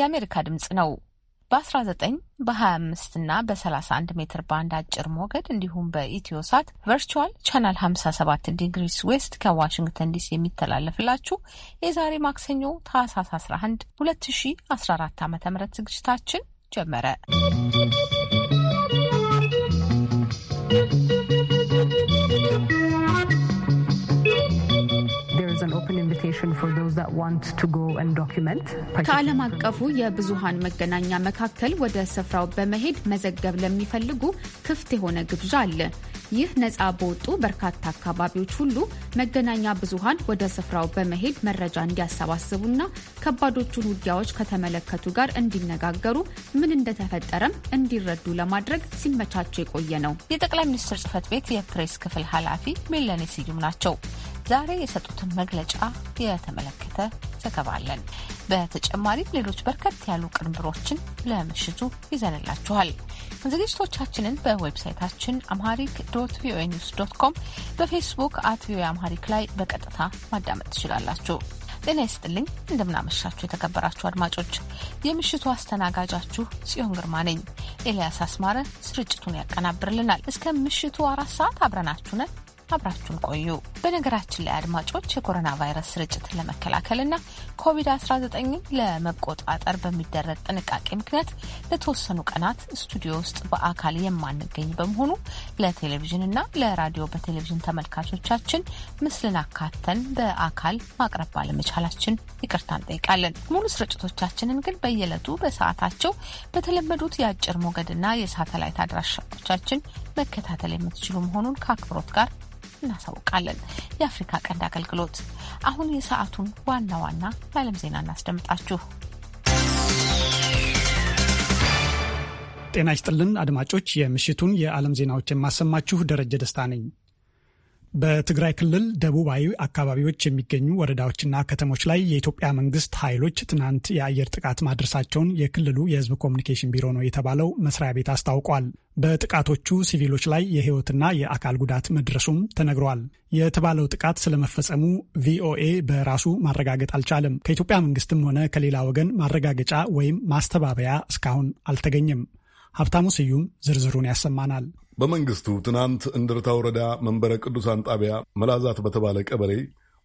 የአሜሪካ ድምጽ ነው። በ19 በ25 እና በ31 ሜትር ባንድ አጭር ሞገድ እንዲሁም በኢትዮ ሳት ቨርቹዋል ቻናል 57 ዲግሪስ ዌስት ከዋሽንግተን ዲሲ የሚተላለፍላችሁ የዛሬ ማክሰኞ ታህሳስ 11 2014 ዓ ም ዝግጅታችን ጀመረ። ከዓለም አቀፉ የብዙሃን መገናኛ መካከል ወደ ስፍራው በመሄድ መዘገብ ለሚፈልጉ ክፍት የሆነ ግብዣ አለ። ይህ ነፃ በወጡ በርካታ አካባቢዎች ሁሉ መገናኛ ብዙሃን ወደ ስፍራው በመሄድ መረጃ እንዲያሰባስቡና ከባዶቹን ውጊያዎች ከተመለከቱ ጋር እንዲነጋገሩ ምን እንደተፈጠረም እንዲረዱ ለማድረግ ሲመቻቸው የቆየ ነው። የጠቅላይ ሚኒስትር ጽህፈት ቤት የፕሬስ ክፍል ኃላፊ ሜለኔ ስዩም ናቸው። ዛሬ የሰጡትን መግለጫ የተመለከተ ዘገባ አለን። በተጨማሪም ሌሎች በርከት ያሉ ቅንብሮችን ለምሽቱ ይዘንላችኋል። ዝግጅቶቻችንን በዌብሳይታችን አምሃሪክ ዶት ቪኦኤ ኒውስ ዶት ኮም፣ በፌስቡክ አት ቪኦኤ አምሃሪክ ላይ በቀጥታ ማዳመጥ ትችላላችሁ። ጤና ይስጥልኝ፣ እንደምናመሻችሁ የተከበራችሁ አድማጮች። የምሽቱ አስተናጋጃችሁ ጽዮን ግርማ ነኝ። ኤልያስ አስማረ ስርጭቱን ያቀናብርልናል። እስከ ምሽቱ አራት ሰዓት አብረናችሁ ነን። አብራችሁን ቆዩ። በነገራችን ላይ አድማጮች የኮሮና ቫይረስ ስርጭትን ለመከላከልና ኮቪድ-19 ለመቆጣጠር በሚደረግ ጥንቃቄ ምክንያት ለተወሰኑ ቀናት ስቱዲዮ ውስጥ በአካል የማንገኝ በመሆኑ ለቴሌቪዥንና ለራዲዮ በቴሌቪዥን ተመልካቾቻችን ምስልን አካተን በአካል ማቅረብ ባለመቻላችን ይቅርታ እንጠይቃለን። ሙሉ ስርጭቶቻችንን ግን በየዕለቱ በሰዓታቸው በተለመዱት የአጭር ሞገድና የሳተላይት አድራሻዎቻችን መከታተል የምትችሉ መሆኑን ከአክብሮት ጋር እናሳውቃለን። የአፍሪካ ቀንድ አገልግሎት። አሁን የሰዓቱን ዋና ዋና የዓለም ዜና እናስደምጣችሁ። ጤና ይስጥልን አድማጮች፣ የምሽቱን የዓለም ዜናዎች የማሰማችሁ ደረጀ ደስታ ነኝ። በትግራይ ክልል ደቡባዊ አካባቢዎች የሚገኙ ወረዳዎችና ከተሞች ላይ የኢትዮጵያ መንግስት ኃይሎች ትናንት የአየር ጥቃት ማድረሳቸውን የክልሉ የሕዝብ ኮሚኒኬሽን ቢሮ ነው የተባለው መስሪያ ቤት አስታውቋል። በጥቃቶቹ ሲቪሎች ላይ የሕይወትና የአካል ጉዳት መድረሱም ተነግሯል። የተባለው ጥቃት ስለመፈጸሙ ቪኦኤ በራሱ ማረጋገጥ አልቻለም። ከኢትዮጵያ መንግስትም ሆነ ከሌላ ወገን ማረጋገጫ ወይም ማስተባበያ እስካሁን አልተገኘም። ሀብታሙ ስዩም ዝርዝሩን ያሰማናል። በመንግስቱ ትናንት እንድርታ ወረዳ መንበረ ቅዱሳን ጣቢያ መላዛት በተባለ ቀበሌ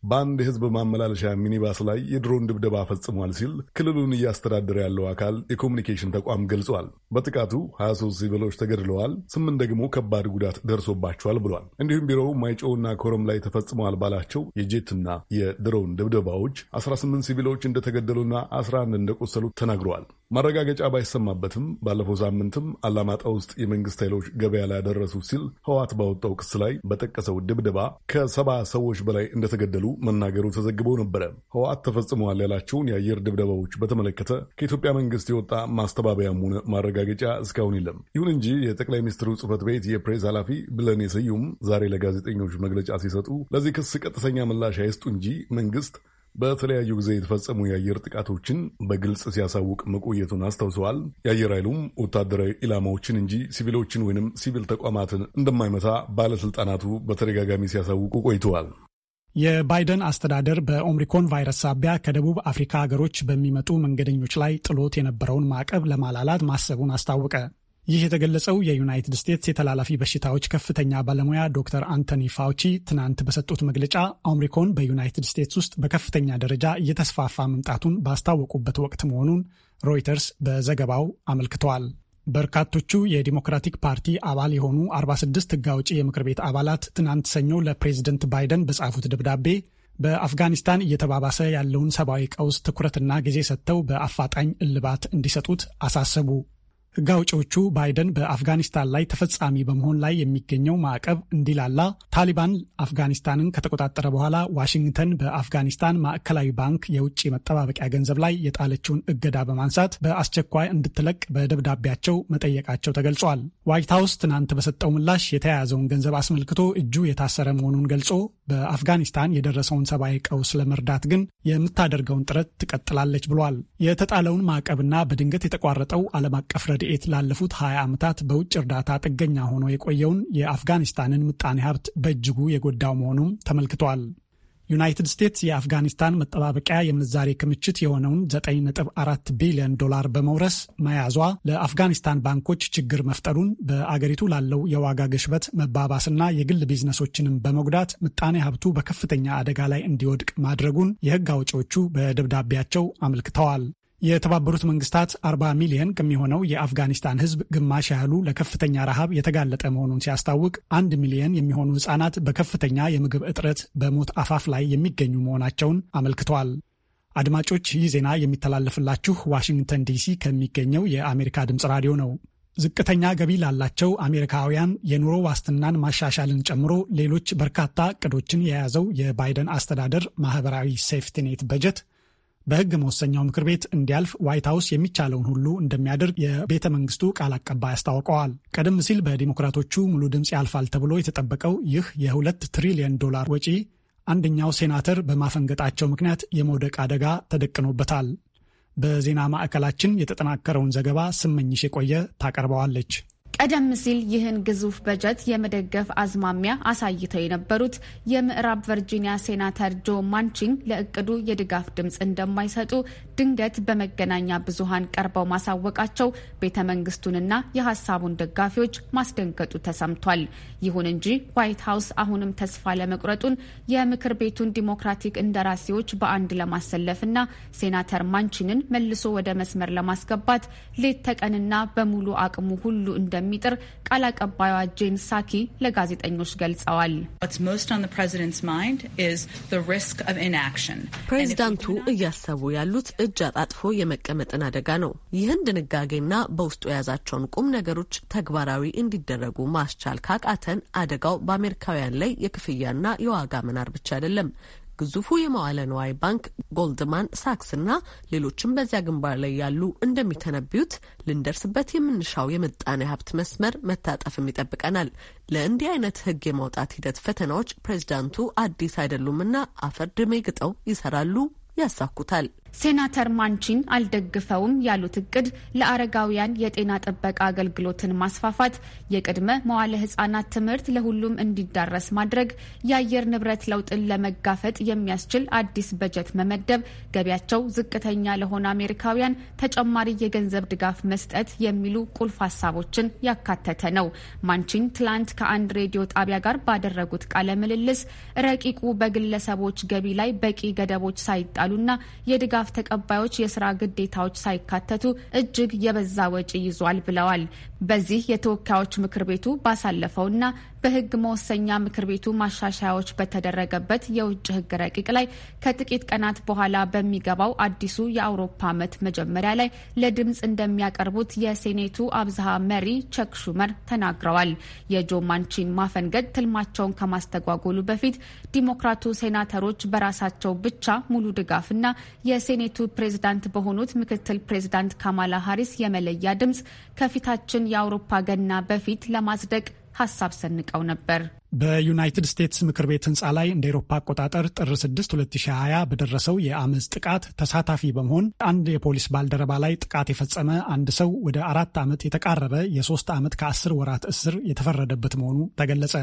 በአንድ የህዝብ ማመላለሻ ሚኒባስ ላይ የድሮን ድብደባ ፈጽሟል ሲል ክልሉን እያስተዳደረ ያለው አካል የኮሚኒኬሽን ተቋም ገልጿል። በጥቃቱ 23 ሲቪሎች ተገድለዋል፣ ስምንት ደግሞ ከባድ ጉዳት ደርሶባቸዋል ብሏል። እንዲሁም ቢሮው ማይጨውና ኮረም ላይ ተፈጽመዋል ባላቸው የጄትና የድሮን ድብደባዎች 18 ሲቪሎች እንደተገደሉና 11 እንደቆሰሉ ተናግረዋል። ማረጋገጫ ባይሰማበትም ባለፈው ሳምንትም አላማጣ ውስጥ የመንግስት ኃይሎች ገበያ ላይ ያደረሱ ሲል ህዋት ባወጣው ክስ ላይ በጠቀሰው ድብደባ ከሰባ ሰዎች በላይ እንደተገደሉ መናገሩ ተዘግበው ነበረ። ህዋት ተፈጽመዋል ያላቸውን የአየር ድብደባዎች በተመለከተ ከኢትዮጵያ መንግስት የወጣ ማስተባበያም ሆነ ማረጋገጫ እስካሁን የለም። ይሁን እንጂ የጠቅላይ ሚኒስትሩ ጽህፈት ቤት የፕሬስ ኃላፊ ብለኔ ስዩም ዛሬ ለጋዜጠኞች መግለጫ ሲሰጡ ለዚህ ክስ ቀጥተኛ ምላሽ አይስጡ እንጂ መንግስት በተለያዩ ጊዜ የተፈጸሙ የአየር ጥቃቶችን በግልጽ ሲያሳውቅ መቆየቱን አስታውሰዋል። የአየር ኃይሉም ወታደራዊ ኢላማዎችን እንጂ ሲቪሎችን ወይንም ሲቪል ተቋማትን እንደማይመታ ባለስልጣናቱ በተደጋጋሚ ሲያሳውቁ ቆይተዋል። የባይደን አስተዳደር በኦምሪኮን ቫይረስ ሳቢያ ከደቡብ አፍሪካ ሀገሮች በሚመጡ መንገደኞች ላይ ጥሎት የነበረውን ማዕቀብ ለማላላት ማሰቡን አስታወቀ። ይህ የተገለጸው የዩናይትድ ስቴትስ የተላላፊ በሽታዎች ከፍተኛ ባለሙያ ዶክተር አንቶኒ ፋውቺ ትናንት በሰጡት መግለጫ ኦምሪኮን በዩናይትድ ስቴትስ ውስጥ በከፍተኛ ደረጃ እየተስፋፋ መምጣቱን ባስታወቁበት ወቅት መሆኑን ሮይተርስ በዘገባው አመልክተዋል። በርካቶቹ የዲሞክራቲክ ፓርቲ አባል የሆኑ 46 ሕግ አውጪ የምክር ቤት አባላት ትናንት ሰኞ ለፕሬዝደንት ባይደን በጻፉት ደብዳቤ በአፍጋኒስታን እየተባባሰ ያለውን ሰብአዊ ቀውስ ትኩረትና ጊዜ ሰጥተው በአፋጣኝ እልባት እንዲሰጡት አሳሰቡ። ሕግ አውጪዎቹ ባይደን በአፍጋኒስታን ላይ ተፈጻሚ በመሆን ላይ የሚገኘው ማዕቀብ እንዲላላ ታሊባን አፍጋኒስታንን ከተቆጣጠረ በኋላ ዋሽንግተን በአፍጋኒስታን ማዕከላዊ ባንክ የውጭ መጠባበቂያ ገንዘብ ላይ የጣለችውን እገዳ በማንሳት በአስቸኳይ እንድትለቅ በደብዳቤያቸው መጠየቃቸው ተገልጿል። ዋይት ሀውስ ትናንት በሰጠው ምላሽ የተያያዘውን ገንዘብ አስመልክቶ እጁ የታሰረ መሆኑን ገልጾ በአፍጋኒስታን የደረሰውን ሰብአዊ ቀውስ ለመርዳት ግን የምታደርገውን ጥረት ትቀጥላለች ብሏል። የተጣለውን ማዕቀብና በድንገት የተቋረጠው ዓለም አቀፍ ረድ ረድኤት ላለፉት 20 ዓመታት በውጭ እርዳታ ጥገኛ ሆኖ የቆየውን የአፍጋኒስታንን ምጣኔ ሀብት በእጅጉ የጎዳው መሆኑም ተመልክቷል። ዩናይትድ ስቴትስ የአፍጋኒስታን መጠባበቂያ የምንዛሬ ክምችት የሆነውን 9.4 ቢሊዮን ዶላር በመውረስ መያዟ ለአፍጋኒስታን ባንኮች ችግር መፍጠሩን በአገሪቱ ላለው የዋጋ ግሽበት መባባስና የግል ቢዝነሶችንም በመጉዳት ምጣኔ ሀብቱ በከፍተኛ አደጋ ላይ እንዲወድቅ ማድረጉን የሕግ አውጪዎቹ በደብዳቤያቸው አመልክተዋል። የተባበሩት መንግስታት 40 ሚሊየን ከሚሆነው የአፍጋኒስታን ህዝብ ግማሽ ያህሉ ለከፍተኛ ረሃብ የተጋለጠ መሆኑን ሲያስታውቅ አንድ ሚሊየን የሚሆኑ ህጻናት በከፍተኛ የምግብ እጥረት በሞት አፋፍ ላይ የሚገኙ መሆናቸውን አመልክተዋል። አድማጮች፣ ይህ ዜና የሚተላለፍላችሁ ዋሽንግተን ዲሲ ከሚገኘው የአሜሪካ ድምፅ ራዲዮ ነው። ዝቅተኛ ገቢ ላላቸው አሜሪካውያን የኑሮ ዋስትናን ማሻሻልን ጨምሮ ሌሎች በርካታ እቅዶችን የያዘው የባይደን አስተዳደር ማህበራዊ ሴፍቲኔት በጀት በህግ መወሰኛው ምክር ቤት እንዲያልፍ ዋይት ሀውስ የሚቻለውን ሁሉ እንደሚያደርግ የቤተ መንግስቱ ቃል አቀባይ አስታውቀዋል። ቀደም ሲል በዲሞክራቶቹ ሙሉ ድምፅ ያልፋል ተብሎ የተጠበቀው ይህ የሁለት ትሪሊየን ዶላር ወጪ አንደኛው ሴናተር በማፈንገጣቸው ምክንያት የመውደቅ አደጋ ተደቅኖበታል። በዜና ማዕከላችን የተጠናከረውን ዘገባ ስመኝሽ የቆየ ታቀርበዋለች። ቀደም ሲል ይህን ግዙፍ በጀት የመደገፍ አዝማሚያ አሳይተው የነበሩት የምዕራብ ቨርጂኒያ ሴናተር ጆ ማንቺን ለእቅዱ የድጋፍ ድምፅ እንደማይሰጡ ድንገት በመገናኛ ብዙሃን ቀርበው ማሳወቃቸው ቤተ መንግስቱንና የሀሳቡን ደጋፊዎች ማስደንገጡ ተሰምቷል። ይሁን እንጂ ዋይት ሀውስ አሁንም ተስፋ ለመቁረጡን የምክር ቤቱን ዲሞክራቲክ እንደራሴዎች በአንድ ለማሰለፍና ሴናተር ማንቺንን መልሶ ወደ መስመር ለማስገባት ሌት ተቀንና በሙሉ አቅሙ ሁሉ እንደሚጥር ቃል አቀባይዋ ጄን ሳኪ ለጋዜጠኞች ገልጸዋል። ፕሬዚዳንቱ እያሰቡ ያሉት እጅ አጣጥፎ የመቀመጥን አደጋ ነው። ይህን ድንጋጌና በውስጡ የያዛቸውን ቁም ነገሮች ተግባራዊ እንዲደረጉ ማስቻል ካቃተን አደጋው በአሜሪካውያን ላይ የክፍያና የዋጋ መናር ብቻ አይደለም። ግዙፉ የመዋለ ነዋይ ባንክ ጎልድማን ሳክስና ሌሎችም በዚያ ግንባር ላይ ያሉ እንደሚተነብዩት ልንደርስበት የምንሻው የምጣኔ ሀብት መስመር መታጠፍም ይጠብቀናል። ለእንዲህ አይነት ህግ የማውጣት ሂደት ፈተናዎች ፕሬዚዳንቱ አዲስ አይደሉምና አፈር ድሜ ግጠው ይሰራሉ፣ ያሳኩታል። ሴናተር ማንቺን አልደግፈውም ያሉት እቅድ ለአረጋውያን የጤና ጥበቃ አገልግሎትን ማስፋፋት፣ የቅድመ መዋለ ህጻናት ትምህርት ለሁሉም እንዲዳረስ ማድረግ፣ የአየር ንብረት ለውጥን ለመጋፈጥ የሚያስችል አዲስ በጀት መመደብ፣ ገቢያቸው ዝቅተኛ ለሆነ አሜሪካውያን ተጨማሪ የገንዘብ ድጋፍ መስጠት የሚሉ ቁልፍ ሀሳቦችን ያካተተ ነው። ማንቺን ትላንት ከአንድ ሬዲዮ ጣቢያ ጋር ባደረጉት ቃለ ምልልስ ረቂቁ በግለሰቦች ገቢ ላይ በቂ ገደቦች ሳይጣሉና የድጋፍ ድጋፍ ተቀባዮች የስራ ግዴታዎች ሳይካተቱ እጅግ የበዛ ወጪ ይዟል ብለዋል። በዚህ የተወካዮች ምክር ቤቱ ባሳለፈውና በህግ መወሰኛ ምክር ቤቱ ማሻሻያዎች በተደረገበት የውጭ ህግ ረቂቅ ላይ ከጥቂት ቀናት በኋላ በሚገባው አዲሱ የአውሮፓ ዓመት መጀመሪያ ላይ ለድምፅ እንደሚያቀርቡት የሴኔቱ አብዝሃ መሪ ቸክ ሹመር ተናግረዋል። የጆ ማንቺን ማፈንገድ ትልማቸውን ከማስተጓጎሉ በፊት ዲሞክራቱ ሴናተሮች በራሳቸው ብቻ ሙሉ ድጋፍና የሴኔቱ ፕሬዝዳንት በሆኑት ምክትል ፕሬዝዳንት ካማላ ሀሪስ የመለያ ድምፅ ከፊታችን የአውሮፓ ገና በፊት ለማጽደቅ ሀሳብ ሰንቀው ነበር። በዩናይትድ ስቴትስ ምክር ቤት ህንፃ ላይ እንደ ኤሮፓ አቆጣጠር ጥር 6 2020 በደረሰው የአመፅ ጥቃት ተሳታፊ በመሆን አንድ የፖሊስ ባልደረባ ላይ ጥቃት የፈጸመ አንድ ሰው ወደ አራት ዓመት የተቃረበ የሶስት ዓመት ከአስር ወራት እስር የተፈረደበት መሆኑ ተገለጸ።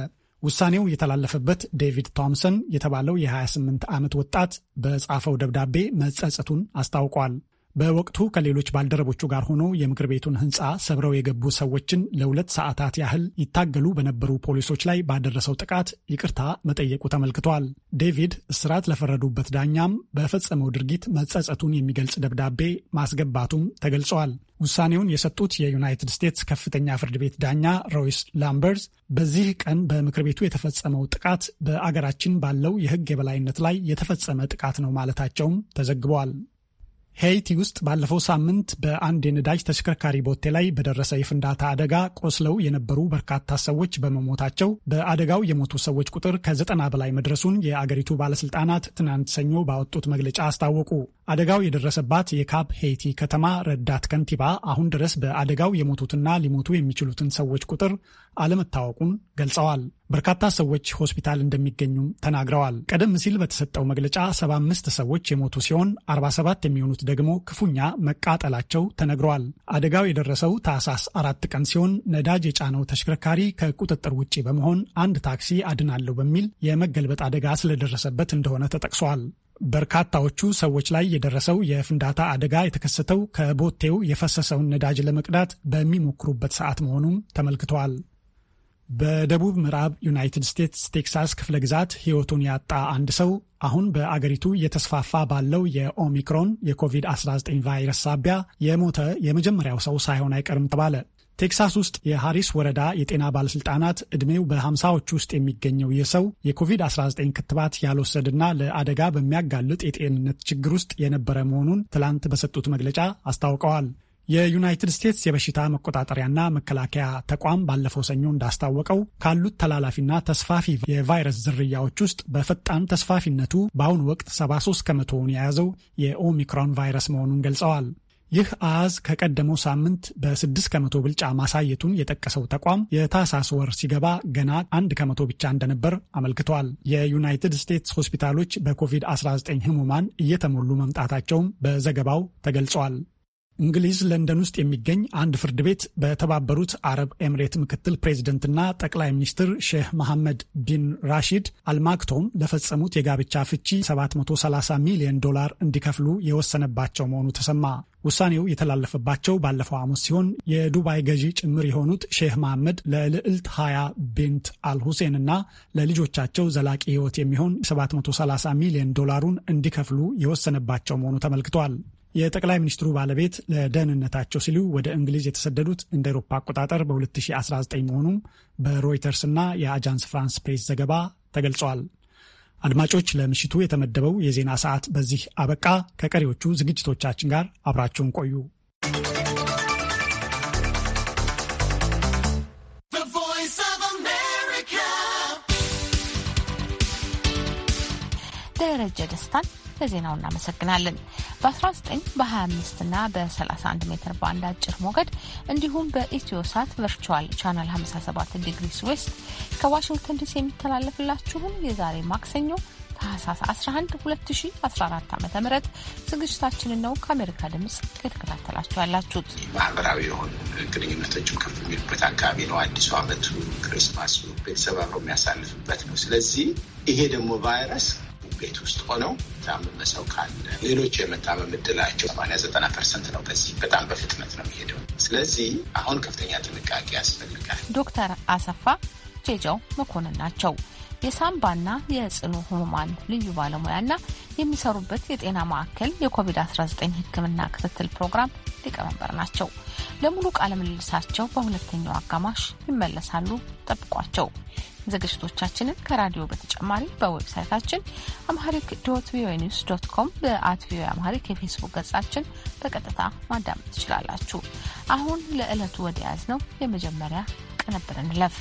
ውሳኔው የተላለፈበት ዴቪድ ቶምሰን የተባለው የ28 ዓመት ወጣት በጻፈው ደብዳቤ መጸጸቱን አስታውቋል። በወቅቱ ከሌሎች ባልደረቦቹ ጋር ሆኖ የምክር ቤቱን ህንፃ ሰብረው የገቡ ሰዎችን ለሁለት ሰዓታት ያህል ይታገሉ በነበሩ ፖሊሶች ላይ ባደረሰው ጥቃት ይቅርታ መጠየቁ ተመልክቷል። ዴቪድ እስራት ለፈረዱበት ዳኛም በፈጸመው ድርጊት መጸጸቱን የሚገልጽ ደብዳቤ ማስገባቱም ተገልጿል። ውሳኔውን የሰጡት የዩናይትድ ስቴትስ ከፍተኛ ፍርድ ቤት ዳኛ ሮይስ ላምበርዝ በዚህ ቀን በምክር ቤቱ የተፈጸመው ጥቃት በአገራችን ባለው የህግ የበላይነት ላይ የተፈጸመ ጥቃት ነው ማለታቸውም ተዘግቧል። ሄይቲ ውስጥ ባለፈው ሳምንት በአንድ የነዳጅ ተሽከርካሪ ቦቴ ላይ በደረሰ የፍንዳታ አደጋ ቆስለው የነበሩ በርካታ ሰዎች በመሞታቸው በአደጋው የሞቱ ሰዎች ቁጥር ከዘጠና በላይ መድረሱን የአገሪቱ ባለስልጣናት ትናንት ሰኞ ባወጡት መግለጫ አስታወቁ። አደጋው የደረሰባት የካፕ ሄይቲ ከተማ ረዳት ከንቲባ አሁን ድረስ በአደጋው የሞቱትና ሊሞቱ የሚችሉትን ሰዎች ቁጥር አለመታወቁን ገልጸዋል። በርካታ ሰዎች ሆስፒታል እንደሚገኙም ተናግረዋል። ቀደም ሲል በተሰጠው መግለጫ 75 ሰዎች የሞቱ ሲሆን 47 የሚሆኑት ደግሞ ክፉኛ መቃጠላቸው ተነግረዋል። አደጋው የደረሰው ታህሳስ አራት ቀን ሲሆን ነዳጅ የጫነው ተሽከርካሪ ከቁጥጥር ውጭ በመሆን አንድ ታክሲ አድናለሁ በሚል የመገልበጥ አደጋ ስለደረሰበት እንደሆነ ተጠቅሷል። በርካታዎቹ ሰዎች ላይ የደረሰው የፍንዳታ አደጋ የተከሰተው ከቦቴው የፈሰሰውን ነዳጅ ለመቅዳት በሚሞክሩበት ሰዓት መሆኑም ተመልክተዋል። በደቡብ ምዕራብ ዩናይትድ ስቴትስ ቴክሳስ ክፍለ ግዛት ሕይወቱን ያጣ አንድ ሰው አሁን በአገሪቱ እየተስፋፋ ባለው የኦሚክሮን የኮቪድ-19 ቫይረስ ሳቢያ የሞተ የመጀመሪያው ሰው ሳይሆን አይቀርም ተባለ። ቴክሳስ ውስጥ የሃሪስ ወረዳ የጤና ባለስልጣናት ዕድሜው በሃምሳዎች ውስጥ የሚገኘው የሰው የኮቪድ-19 ክትባት ያልወሰድና ለአደጋ በሚያጋልጥ የጤንነት ችግር ውስጥ የነበረ መሆኑን ትላንት በሰጡት መግለጫ አስታውቀዋል። የዩናይትድ ስቴትስ የበሽታ መቆጣጠሪያና መከላከያ ተቋም ባለፈው ሰኞ እንዳስታወቀው ካሉት ተላላፊና ተስፋፊ የቫይረስ ዝርያዎች ውስጥ በፈጣን ተስፋፊነቱ በአሁኑ ወቅት 73 ከመቶውን የያዘው የኦሚክሮን ቫይረስ መሆኑን ገልጸዋል። ይህ አሃዝ ከቀደመው ሳምንት በ6 ከመቶ ብልጫ ማሳየቱን የጠቀሰው ተቋም የታህሳስ ወር ሲገባ ገና አንድ ከመቶ ብቻ እንደነበር አመልክቷል። የዩናይትድ ስቴትስ ሆስፒታሎች በኮቪድ-19 ህሙማን እየተሞሉ መምጣታቸውም በዘገባው ተገልጿል። እንግሊዝ ለንደን ውስጥ የሚገኝ አንድ ፍርድ ቤት በተባበሩት አረብ ኤምሬት ምክትል ፕሬዚደንትና ጠቅላይ ሚኒስትር ሼህ መሐመድ ቢን ራሺድ አልማክቶም ለፈጸሙት የጋብቻ ፍቺ 730 ሚሊዮን ዶላር እንዲከፍሉ የወሰነባቸው መሆኑ ተሰማ። ውሳኔው የተላለፈባቸው ባለፈው ሐሙስ ሲሆን የዱባይ ገዢ ጭምር የሆኑት ሼህ መሐመድ ለልዕልት ሀያ ቢንት አልሁሴን እና ለልጆቻቸው ዘላቂ ሕይወት የሚሆን 730 ሚሊዮን ዶላሩን እንዲከፍሉ የወሰነባቸው መሆኑ ተመልክቷል። የጠቅላይ ሚኒስትሩ ባለቤት ለደህንነታቸው ሲሉ ወደ እንግሊዝ የተሰደዱት እንደ ኤሮፓ አቆጣጠር በ2019 መሆኑም በሮይተርስ እና የአጃንስ ፍራንስ ፕሬስ ዘገባ ተገልጿል። አድማጮች፣ ለምሽቱ የተመደበው የዜና ሰዓት በዚህ አበቃ። ከቀሪዎቹ ዝግጅቶቻችን ጋር አብራችሁን ቆዩ። ደረጀ ደስታን ለዜናው እናመሰግናለን። በ19 በ25 እና በ31 ሜትር ባንድ አጭር ሞገድ እንዲሁም በኢትዮሳት ቨርቹዋል ቻናል 57 ዲግሪስ ዌስት ከዋሽንግተን ዲሲ የሚተላለፍላችሁን የዛሬ ማክሰኞ ታህሳስ 11 2014 ዓ ም ዝግጅታችንን ነው ከአሜሪካ ድምፅ የተከታተላችሁ ያላችሁት። ማህበራዊ የሆኑ ግንኙነቶችም ከፍ የሚሉበት አካባቢ ነው። አዲሱ ዓመቱ፣ ክርስማሱ ቤተሰብ አብሮ የሚያሳልፍበት ነው። ስለዚህ ይሄ ደግሞ ቫይረስ ቤት ውስጥ ሆነው ታመመ ሰው ካለ ሌሎች የመታመም እድላቸው ሰማንያ ዘጠና ፐርሰንት ነው። በዚህ በጣም በፍጥነት ነው የሚሄደው። ስለዚህ አሁን ከፍተኛ ጥንቃቄ ያስፈልጋል። ዶክተር አሰፋ ጄጃው መኮንን ናቸው የሳምባና የጽኑ ህሙማን ልዩ ባለሙያና የሚሰሩበት የጤና ማዕከል የኮቪድ-19 ህክምና ክትትል ፕሮግራም ሊቀመንበር ናቸው። ለሙሉ ቃለ ምልልሳቸው በሁለተኛው አጋማሽ ይመለሳሉ። ጠብቋቸው። ዝግጅቶቻችንን ከራዲዮ በተጨማሪ በዌብሳይታችን አምሃሪክ ዶት ቪኦኤ ኒውስ ዶት ኮም በአት ቪኦኤ አምሃሪክ የፌስቡክ ገጻችን በቀጥታ ማዳመጥ ትችላላችሁ። አሁን ለዕለቱ ወደ ያዝ ነው የመጀመሪያ ቅንብር እንለፍ።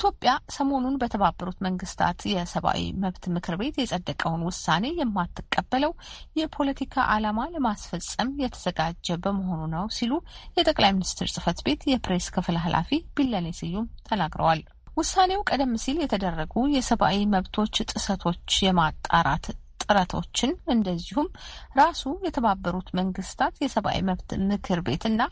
ኢትዮጵያ ሰሞኑን በተባበሩት መንግስታት የሰብአዊ መብት ምክር ቤት የጸደቀውን ውሳኔ የማትቀበለው የፖለቲካ ዓላማ ለማስፈጸም የተዘጋጀ በመሆኑ ነው ሲሉ የጠቅላይ ሚኒስትር ጽህፈት ቤት የፕሬስ ክፍል ኃላፊ ቢለኔ ስዩም ተናግረዋል። ውሳኔው ቀደም ሲል የተደረጉ የሰብአዊ መብቶች ጥሰቶች የማጣራት ጥረቶችን እንደዚሁም ራሱ የተባበሩት መንግስታት የሰብአዊ መብት ምክር ቤት እና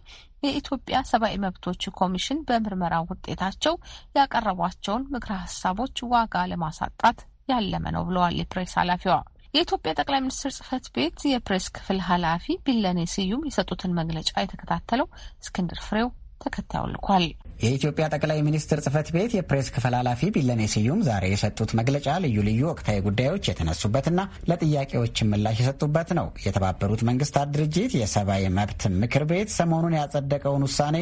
የኢትዮጵያ ሰብአዊ መብቶች ኮሚሽን በምርመራ ውጤታቸው ያቀረቧቸውን ምክረ ሀሳቦች ዋጋ ለማሳጣት ያለመ ነው ብለዋል የፕሬስ ኃላፊዋ። የኢትዮጵያ ጠቅላይ ሚኒስትር ጽህፈት ቤት የፕሬስ ክፍል ኃላፊ ቢለኔ ስዩም የሰጡትን መግለጫ የተከታተለው እስክንድር ፍሬው ተከታዩ ልኳል። የኢትዮጵያ ጠቅላይ ሚኒስትር ጽህፈት ቤት የፕሬስ ክፍል ኃላፊ ቢለኔ ስዩም ዛሬ የሰጡት መግለጫ ልዩ ልዩ ወቅታዊ ጉዳዮች የተነሱበትና ለጥያቄዎች ምላሽ የሰጡበት ነው። የተባበሩት መንግስታት ድርጅት የሰብአዊ መብት ምክር ቤት ሰሞኑን ያጸደቀውን ውሳኔ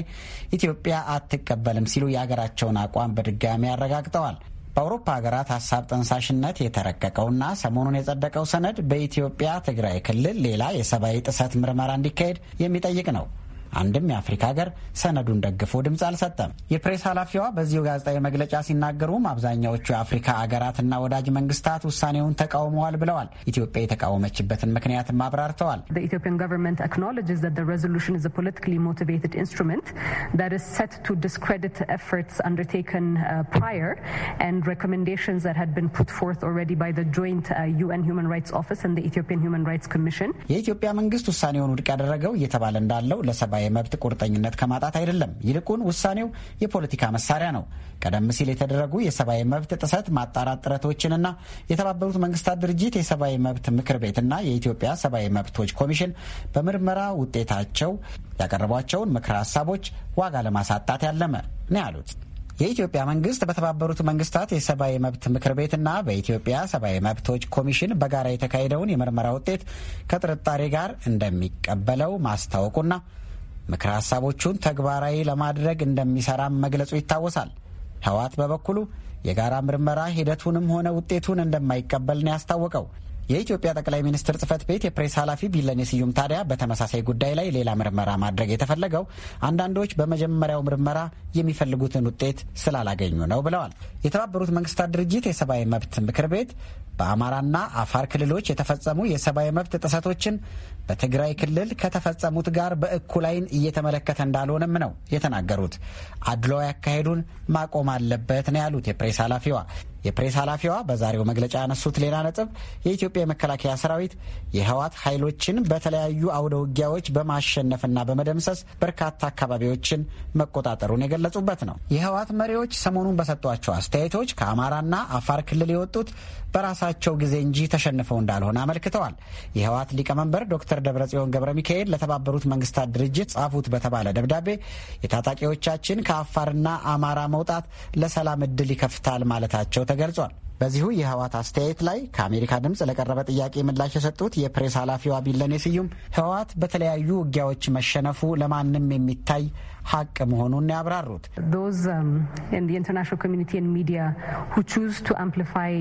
ኢትዮጵያ አትቀበልም ሲሉ የሀገራቸውን አቋም በድጋሚ አረጋግጠዋል። በአውሮፓ ሀገራት ሀሳብ ጠንሳሽነት የተረቀቀውና ሰሞኑን የጸደቀው ሰነድ በኢትዮጵያ ትግራይ ክልል ሌላ የሰብአዊ ጥሰት ምርመራ እንዲካሄድ የሚጠይቅ ነው። አንድም የአፍሪካ ሀገር ሰነዱን ደግፎ ድምፅ አልሰጠም። የፕሬስ ኃላፊዋ በዚሁ ጋዜጣዊ መግለጫ ሲናገሩም አብዛኛዎቹ የአፍሪካ አገራትና ወዳጅ መንግስታት ውሳኔውን ተቃውመዋል ብለዋል። ኢትዮጵያ የተቃወመችበትን ምክንያትም አብራርተዋል። uh, uh, የኢትዮጵያ መንግስት ውሳኔውን ውድቅ ያደረገው እየተባለ እንዳለው ለሰባ የመብት ቁርጠኝነት ከማጣት አይደለም። ይልቁን ውሳኔው የፖለቲካ መሳሪያ ነው። ቀደም ሲል የተደረጉ የሰብአዊ መብት ጥሰት ማጣራት ጥረቶችንና የተባበሩት መንግስታት ድርጅት የሰብአዊ መብት ምክር ቤትና የኢትዮጵያ ሰብአዊ መብቶች ኮሚሽን በምርመራ ውጤታቸው ያቀረቧቸውን ምክረ ሀሳቦች ዋጋ ለማሳጣት ያለመ ነው ያሉት። የኢትዮጵያ መንግስት በተባበሩት መንግስታት የሰብአዊ መብት ምክር ቤትና በኢትዮጵያ ሰብአዊ መብቶች ኮሚሽን በጋራ የተካሄደውን የምርመራ ውጤት ከጥርጣሬ ጋር እንደሚቀበለው ማስታወቁና ምክረ ሀሳቦቹን ተግባራዊ ለማድረግ እንደሚሰራም መግለጹ ይታወሳል። ህወሓት በበኩሉ የጋራ ምርመራ ሂደቱንም ሆነ ውጤቱን እንደማይቀበል ነው ያስታወቀው። የኢትዮጵያ ጠቅላይ ሚኒስትር ጽህፈት ቤት የፕሬስ ኃላፊ ቢለኔ ስዩም ታዲያ በተመሳሳይ ጉዳይ ላይ ሌላ ምርመራ ማድረግ የተፈለገው አንዳንዶች በመጀመሪያው ምርመራ የሚፈልጉትን ውጤት ስላላገኙ ነው ብለዋል። የተባበሩት መንግስታት ድርጅት የሰብአዊ መብት ምክር ቤት በአማራና አፋር ክልሎች የተፈጸሙ የሰብአዊ መብት ጥሰቶችን በትግራይ ክልል ከተፈጸሙት ጋር በእኩል እየተመለከተ እንዳልሆነም ነው የተናገሩት። አድሏዊ አካሄዱን ማቆም አለበት ነው ያሉት የፕሬስ ኃላፊዋ። የፕሬስ ኃላፊዋ በዛሬው መግለጫ ያነሱት ሌላ ነጥብ የኢትዮጵያ የመከላከያ ሰራዊት የህዋት ኃይሎችን በተለያዩ አውደ ውጊያዎች በማሸነፍና በመደምሰስ በርካታ አካባቢዎችን መቆጣጠሩን የገለጹበት ነው። የህዋት መሪዎች ሰሞኑን በሰጧቸው አስተያየቶች ከአማራና አፋር ክልል የወጡት በራሳቸው ጊዜ እንጂ ተሸንፈው እንዳልሆነ አመልክተዋል። የህወሓት ሊቀመንበር ዶክተር ደብረጽዮን ገብረ ሚካኤል ለተባበሩት መንግስታት ድርጅት ጻፉት በተባለ ደብዳቤ የታጣቂዎቻችን ከአፋርና አማራ መውጣት ለሰላም እድል ይከፍታል ማለታቸው ተገልጿል። በዚሁ የህወሓት አስተያየት ላይ ከአሜሪካ ድምፅ ለቀረበ ጥያቄ ምላሽ የሰጡት የፕሬስ ኃላፊዋ ቢለኔ ስዩም ህወሓት በተለያዩ ውጊያዎች መሸነፉ ለማንም የሚታይ ሀቅ መሆኑን ያብራሩት ዶዝ ኢንተርናሽናል ኮሚኒቲ ሚዲያ ሁ ቹዝ ቱ አምፕሊፋይ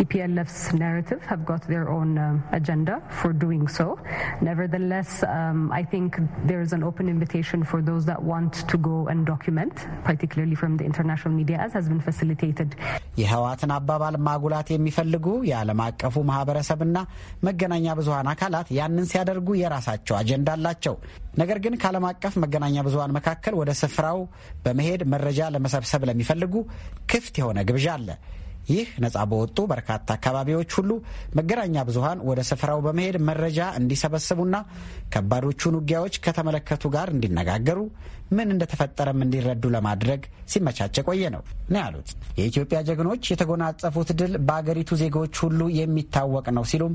TPLF's narrative have got their own uh, agenda for doing so. Nevertheless, um, I think there is an open invitation for those that want to go and document, particularly from the international media, as has been facilitated. የህወሓትን አባባል ማጉላት የሚፈልጉ የዓለም አቀፉ ማህበረሰብና መገናኛ ብዙሀን አካላት ያንን ሲያደርጉ የራሳቸው አጀንዳ አላቸው። ነገር ግን ከዓለም አቀፍ መገናኛ ብዙሀን መካከል ወደ ስፍራው በመሄድ መረጃ ለመሰብሰብ ለሚፈልጉ ክፍት የሆነ ግብዣ አለ። ይህ ነጻ በወጡ በርካታ አካባቢዎች ሁሉ መገናኛ ብዙኃን ወደ ስፍራው በመሄድ መረጃ እንዲሰበስቡና ከባዶቹን ውጊያዎች ከተመለከቱ ጋር እንዲነጋገሩ ምን እንደተፈጠረም እንዲረዱ ለማድረግ ሲመቻቸ ቆየ ነው ነው ያሉት። የኢትዮጵያ ጀግኖች የተጎናጸፉት ድል በአገሪቱ ዜጎች ሁሉ የሚታወቅ ነው ሲሉም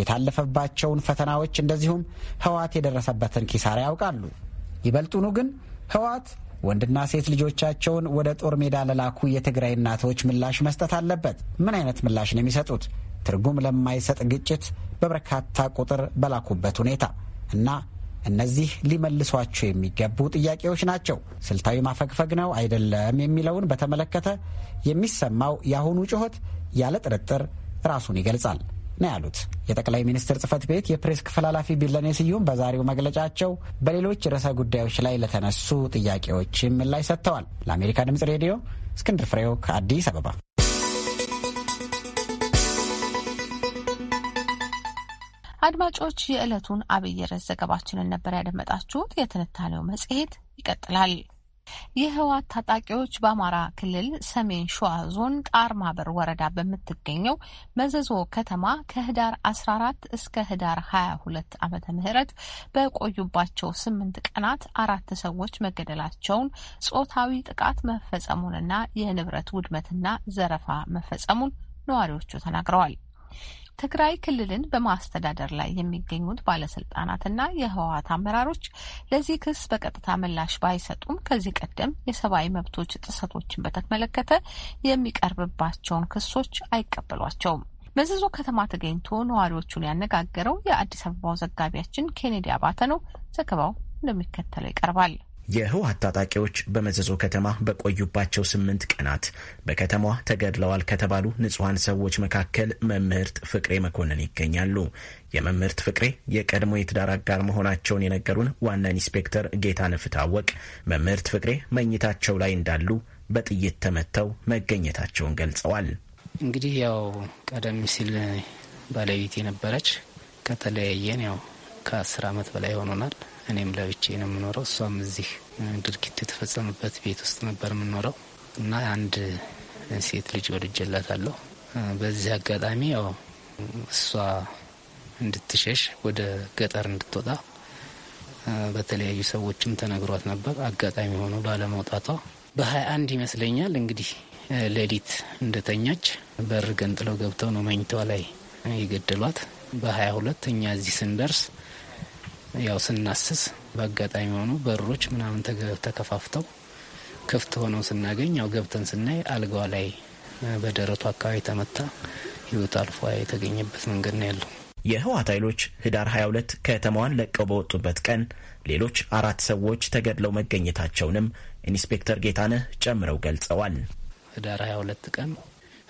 የታለፈባቸውን ፈተናዎች፣ እንደዚሁም ህወሓት የደረሰበትን ኪሳራ ያውቃሉ። ይበልጡኑ ግን ህወሓት ወንድና ሴት ልጆቻቸውን ወደ ጦር ሜዳ ለላኩ የትግራይ እናቶች ምላሽ መስጠት አለበት። ምን አይነት ምላሽ ነው የሚሰጡት? ትርጉም ለማይሰጥ ግጭት በበርካታ ቁጥር በላኩበት ሁኔታ እና እነዚህ ሊመልሷቸው የሚገቡ ጥያቄዎች ናቸው። ስልታዊ ማፈግፈግ ነው አይደለም የሚለውን በተመለከተ የሚሰማው የአሁኑ ጩኸት ያለ ጥርጥር ራሱን ይገልጻል። ነው ያሉት። የጠቅላይ ሚኒስትር ጽህፈት ቤት የፕሬስ ክፍል ኃላፊ ቢለኔ ስዩም በዛሬው መግለጫቸው በሌሎች ርዕሰ ጉዳዮች ላይ ለተነሱ ጥያቄዎች ምላሽ ሰጥተዋል። ለአሜሪካ ድምጽ ሬዲዮ እስክንድር ፍሬው ከአዲስ አበባ። አድማጮች የዕለቱን አብይ ርዕስ ዘገባችንን ነበር ያደመጣችሁት። የትንታኔው መጽሔት ይቀጥላል። የህወሓት ታጣቂዎች በአማራ ክልል ሰሜን ሸዋ ዞን ጣርማበር ወረዳ በምትገኘው መዘዞ ከተማ ከህዳር 14 እስከ ህዳር 22 ዓመተ ምህረት በቆዩባቸው ስምንት ቀናት አራት ሰዎች መገደላቸውን፣ ጾታዊ ጥቃት መፈጸሙንና የንብረት ውድመትና ዘረፋ መፈጸሙን ነዋሪዎቹ ተናግረዋል። ትግራይ ክልልን በማስተዳደር ላይ የሚገኙት ባለስልጣናትና የህወሀት አመራሮች ለዚህ ክስ በቀጥታ ምላሽ ባይሰጡም ከዚህ ቀደም የሰብአዊ መብቶች ጥሰቶችን በተመለከተ የሚቀርብባቸውን ክሶች አይቀበሏቸውም። መዘዞ ከተማ ተገኝቶ ነዋሪዎቹን ያነጋገረው የአዲስ አበባው ዘጋቢያችን ኬኔዲ አባተ ነው። ዘገባው እንደሚከተለው ይቀርባል። የህወሀት ታጣቂዎች በመዘዞ ከተማ በቆዩባቸው ስምንት ቀናት በከተማዋ ተገድለዋል ከተባሉ ንጹሐን ሰዎች መካከል መምህርት ፍቅሬ መኮንን ይገኛሉ። የመምህርት ፍቅሬ የቀድሞ የትዳር አጋር መሆናቸውን የነገሩን ዋና ኢንስፔክተር ጌታ ንፍታወቅ መምህርት ፍቅሬ መኝታቸው ላይ እንዳሉ በጥይት ተመተው መገኘታቸውን ገልጸዋል። እንግዲህ ያው ቀደም ሲል ባለቤት የነበረች ከተለያየን ያው ከአስር ዓመት በላይ ሆኖናል እኔም ለብቼ ነው የምኖረው። እሷም እዚህ ድርጊት የተፈጸመበት ቤት ውስጥ ነበር የምኖረው እና አንድ ሴት ልጅ ወልጄላታለሁ። በዚህ አጋጣሚ ያው እሷ እንድትሸሽ ወደ ገጠር እንድትወጣ በተለያዩ ሰዎችም ተነግሯት ነበር። አጋጣሚ ሆኖ ባለመውጣቷ በሀያ አንድ ይመስለኛል እንግዲህ ሌሊት እንደተኛች በር ገንጥለው ገብተው ነው መኝተዋ ላይ የገደሏት። በሀያ ሁለት እኛ እዚህ ስንደርስ ያው ስናስስ በአጋጣሚ የሆኑ በሮች ምናምን ተከፋፍተው ክፍት ሆነው ስናገኝ ያው ገብተን ስናይ አልጋዋ ላይ በደረቱ አካባቢ ተመታ ህይወት አልፎ የተገኘበት መንገድ ነው ያለው። የህወሓት ኃይሎች ህዳር 22 ከተማዋን ለቀው በወጡበት ቀን ሌሎች አራት ሰዎች ተገድለው መገኘታቸውንም ኢንስፔክተር ጌታነህ ጨምረው ገልጸዋል። ህዳር 22 ቀን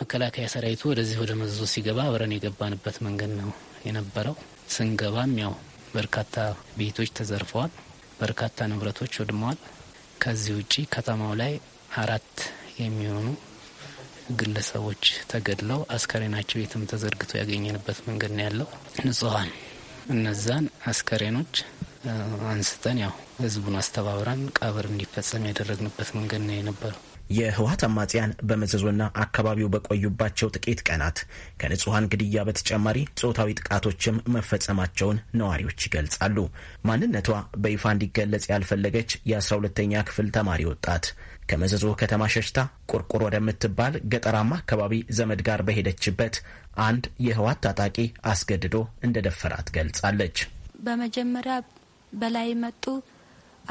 መከላከያ ሰራዊቱ ወደዚህ ወደ መዞ ሲገባ አብረን የገባንበት መንገድ ነው የነበረው። ስንገባም ያው በርካታ ቤቶች ተዘርፈዋል። በርካታ ንብረቶች ወድመዋል። ከዚህ ውጪ ከተማው ላይ አራት የሚሆኑ ግለሰቦች ተገድለው አስከሬናቸው የትም ተዘርግቶ ያገኘንበት መንገድ ነው ያለው። ንጹሀን እነዛን አስከሬኖች አንስተን ያው ህዝቡን አስተባብረን ቀብር እንዲፈጸም ያደረግንበት መንገድ ነው የነበረው። የህወሀት አማጽያን በመዘዞና አካባቢው በቆዩባቸው ጥቂት ቀናት ከንጹሐን ግድያ በተጨማሪ ጾታዊ ጥቃቶችም መፈጸማቸውን ነዋሪዎች ይገልጻሉ። ማንነቷ በይፋ እንዲገለጽ ያልፈለገች የ12ተኛ ክፍል ተማሪ ወጣት ከመዘዞ ከተማ ሸሽታ ቁርቁር ወደምትባል ገጠራማ አካባቢ ዘመድ ጋር በሄደችበት አንድ የህወሀት ታጣቂ አስገድዶ እንደደፈራት ገልጻለች። በመጀመሪያ በላይ መጡ።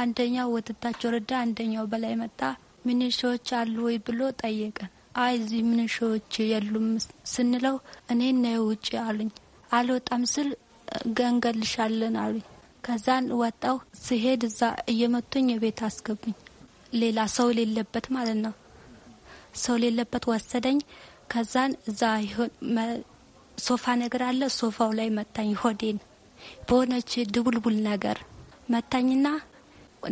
አንደኛው ወትታቸው ረዳ፣ አንደኛው በላይ መጣ። ሚኒሻዎች አሉ ወይ ብሎ ጠየቀን። አይ እዚህ ሚኒሻዎች የሉም ስንለው እኔ ነው ውጭ አሉኝ። አልወጣም ስል ገንገልሻለን አሉኝ። ከዛን ወጣው ስሄድ እዛ እየመቱኝ የቤት አስገቡኝ። ሌላ ሰው ሌለበት ማለት ነው። ሰው ሌለበት ወሰደኝ። ከዛን እዛ ሶፋ ነገር አለ። ሶፋው ላይ መታኝ። ሆዴን በሆነች ድቡልቡል ነገር መታኝና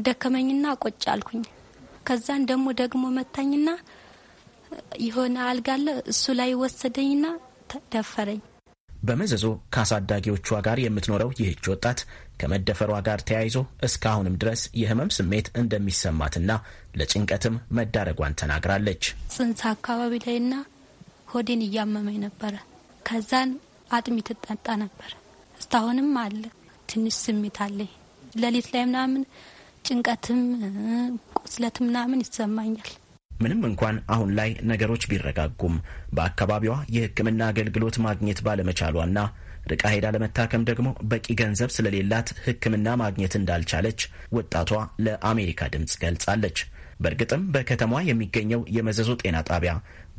ደከመኝና ቆጭ አልኩኝ። ከዛን ደግሞ ደግሞ መታኝና የሆነ አልጋ አለ እሱ ላይ ወሰደኝና ደፈረኝ። በመዘዞ ከአሳዳጊዎቿ ጋር የምትኖረው ይህች ወጣት ከመደፈሯ ጋር ተያይዞ እስካሁንም ድረስ የህመም ስሜት እንደሚሰማትና ለጭንቀትም መዳረጓን ተናግራለች። ጽንሰ አካባቢ ላይና ሆዴን እያመመኝ ነበረ። ከዛን አጥሚት ትጠጣ ነበር። እስካሁንም አለ ትንሽ ስሜት አለኝ። ሌሊት ላይ ምናምን ጭንቀትም ቁስለት ምናምን ይሰማኛል። ምንም እንኳን አሁን ላይ ነገሮች ቢረጋጉም በአካባቢዋ የሕክምና አገልግሎት ማግኘት ባለመቻሏና ርቃ ሄዳ ለመታከም ደግሞ በቂ ገንዘብ ስለሌላት ሕክምና ማግኘት እንዳልቻለች ወጣቷ ለአሜሪካ ድምፅ ገልጻለች። በእርግጥም በከተማዋ የሚገኘው የመዘዞ ጤና ጣቢያ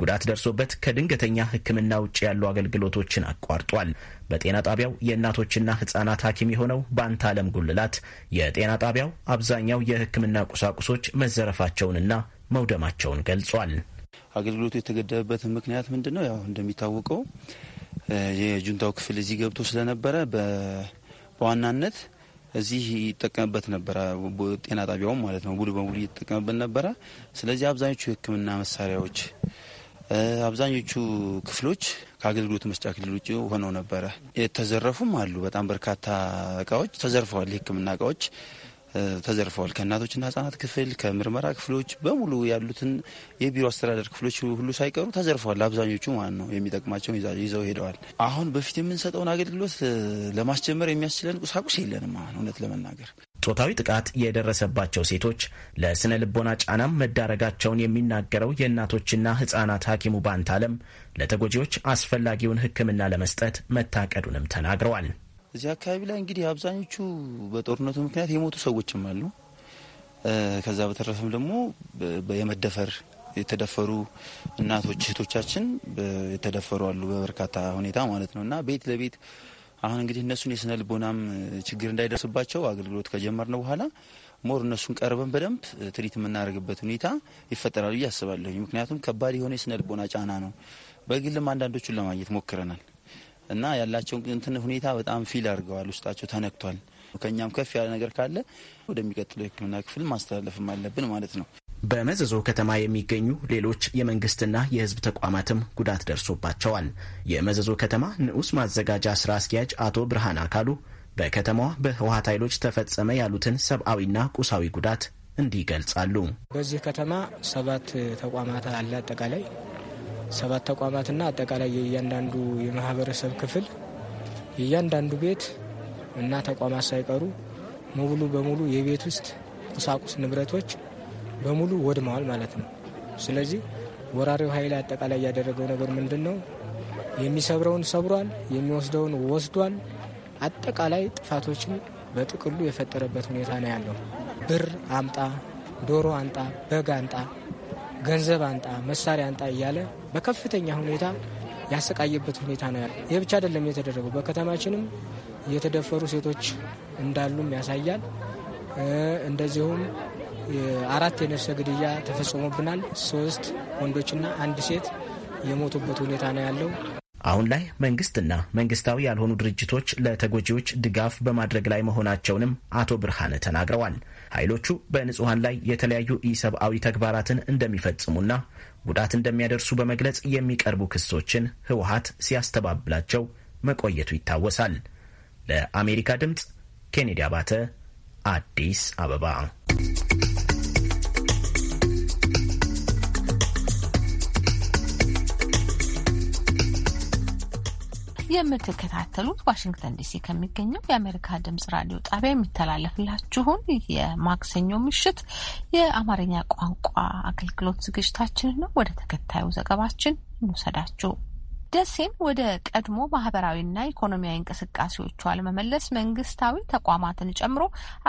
ጉዳት ደርሶበት ከድንገተኛ ሕክምና ውጭ ያሉ አገልግሎቶችን አቋርጧል። በጤና ጣቢያው የእናቶችና ህጻናት ሐኪም የሆነው በአንተ አለም ጉልላት የጤና ጣቢያው አብዛኛው የህክምና ቁሳቁሶች መዘረፋቸውንና መውደማቸውን ገልጿል። አገልግሎቱ የተገደበበት ምክንያት ምንድን ነው? ያው እንደሚታወቀው የጁንታው ክፍል እዚህ ገብቶ ስለነበረ በዋናነት እዚህ ይጠቀምበት ነበረ። ጤና ጣቢያውም ማለት ነው ሙሉ በሙሉ እየተጠቀምበት ነበረ። ስለዚህ አብዛኞቹ የህክምና መሳሪያዎች አብዛኞቹ ክፍሎች ከአገልግሎት መስጫ ክልል ውጭ ሆነው ነበረ። የተዘረፉም አሉ። በጣም በርካታ እቃዎች ተዘርፈዋል። የሕክምና እቃዎች ተዘርፈዋል። ከእናቶችና ህጻናት ክፍል፣ ከምርመራ ክፍሎች በሙሉ ያሉትን የቢሮ አስተዳደር ክፍሎች ሁሉ ሳይቀሩ ተዘርፈዋል። አብዛኞቹ ማለት ነው የሚጠቅማቸውን ይዘው ሄደዋል። አሁን በፊት የምንሰጠውን አገልግሎት ለማስጀመር የሚያስችለን ቁሳቁስ የለንም። አሁን እውነት ለመናገር ጾታዊ ጥቃት የደረሰባቸው ሴቶች ለስነ ልቦና ጫናም መዳረጋቸውን የሚናገረው የእናቶችና ህጻናት ሐኪሙ ባንታለም ለተጎጂዎች አስፈላጊውን ሕክምና ለመስጠት መታቀዱንም ተናግረዋል። እዚህ አካባቢ ላይ እንግዲህ አብዛኞቹ በጦርነቱ ምክንያት የሞቱ ሰዎችም አሉ። ከዛ በተረፈም ደግሞ የመደፈር የተደፈሩ እናቶች እህቶቻችን የተደፈሩ አሉ በበርካታ ሁኔታ ማለት ነው እና ቤት ለቤት አሁን እንግዲህ እነሱን የስነ ልቦናም ችግር እንዳይደርስባቸው አገልግሎት ከጀመርነው በኋላ ሞር እነሱን ቀርበን በደንብ ትሪት የምናደርግበት ሁኔታ ይፈጠራል ብዬ አስባለሁ። ምክንያቱም ከባድ የሆነ የስነ ልቦና ጫና ነው። በግልም አንዳንዶቹን ለማግኘት ሞክረናል። እና ያላቸውን እንትን ሁኔታ በጣም ፊል አድርገዋል። ውስጣቸው ተነክቷል። ከእኛም ከፍ ያለ ነገር ካለ ወደሚቀጥለው የሕክምና ክፍል ማስተላለፍም አለብን ማለት ነው። በመዘዞ ከተማ የሚገኙ ሌሎች የመንግስትና የህዝብ ተቋማትም ጉዳት ደርሶባቸዋል። የመዘዞ ከተማ ንዑስ ማዘጋጃ ስራ አስኪያጅ አቶ ብርሃን አካሉ በከተማዋ በህወሀት ኃይሎች ተፈጸመ ያሉትን ሰብአዊና ቁሳዊ ጉዳት እንዲህ ይገልጻሉ። በዚህ ከተማ ሰባት ተቋማት አለ። አጠቃላይ ሰባት ተቋማትና አጠቃላይ የእያንዳንዱ የማህበረሰብ ክፍል የእያንዳንዱ ቤት እና ተቋማት ሳይቀሩ ሙሉ በሙሉ የቤት ውስጥ ቁሳቁስ ንብረቶች በሙሉ ወድመዋል ማለት ነው። ስለዚህ ወራሪው ኃይል አጠቃላይ ያደረገው ነገር ምንድን ነው? የሚሰብረውን ሰብሯል፣ የሚወስደውን ወስዷል። አጠቃላይ ጥፋቶችን በጥቅሉ የፈጠረበት ሁኔታ ነው ያለው። ብር አምጣ፣ ዶሮ አንጣ፣ በግ አንጣ፣ ገንዘብ አንጣ፣ መሳሪያ አንጣ እያለ በከፍተኛ ሁኔታ ያሰቃየበት ሁኔታ ነው ያለ። ይህ ብቻ አይደለም የተደረገው። በከተማችንም የተደፈሩ ሴቶች እንዳሉም ያሳያል። እንደዚሁም አራት የነፍሰ ግድያ ተፈጽሞብናል። ሶስት ወንዶችና አንድ ሴት የሞቱበት ሁኔታ ነው ያለው። አሁን ላይ መንግስትና መንግስታዊ ያልሆኑ ድርጅቶች ለተጎጂዎች ድጋፍ በማድረግ ላይ መሆናቸውንም አቶ ብርሃነ ተናግረዋል። ኃይሎቹ በንጹሐን ላይ የተለያዩ ኢሰብአዊ ተግባራትን እንደሚፈጽሙና ጉዳት እንደሚያደርሱ በመግለጽ የሚቀርቡ ክሶችን ህወሀት ሲያስተባብላቸው መቆየቱ ይታወሳል። ለአሜሪካ ድምፅ ኬኔዲ አባተ አዲስ አበባ የምትከታተሉት ዋሽንግተን ዲሲ ከሚገኘው የአሜሪካ ድምጽ ራዲዮ ጣቢያ የሚተላለፍላችሁን የማክሰኞ ምሽት የአማርኛ ቋንቋ አገልግሎት ዝግጅታችንን ነው። ወደ ተከታዩ ዘገባችን እንውሰዳችሁ። ደሴን ወደ ቀድሞ ማህበራዊና ኢኮኖሚያዊ እንቅስቃሴዎቿ ለመመለስ መንግስታዊ ተቋማትን ጨምሮ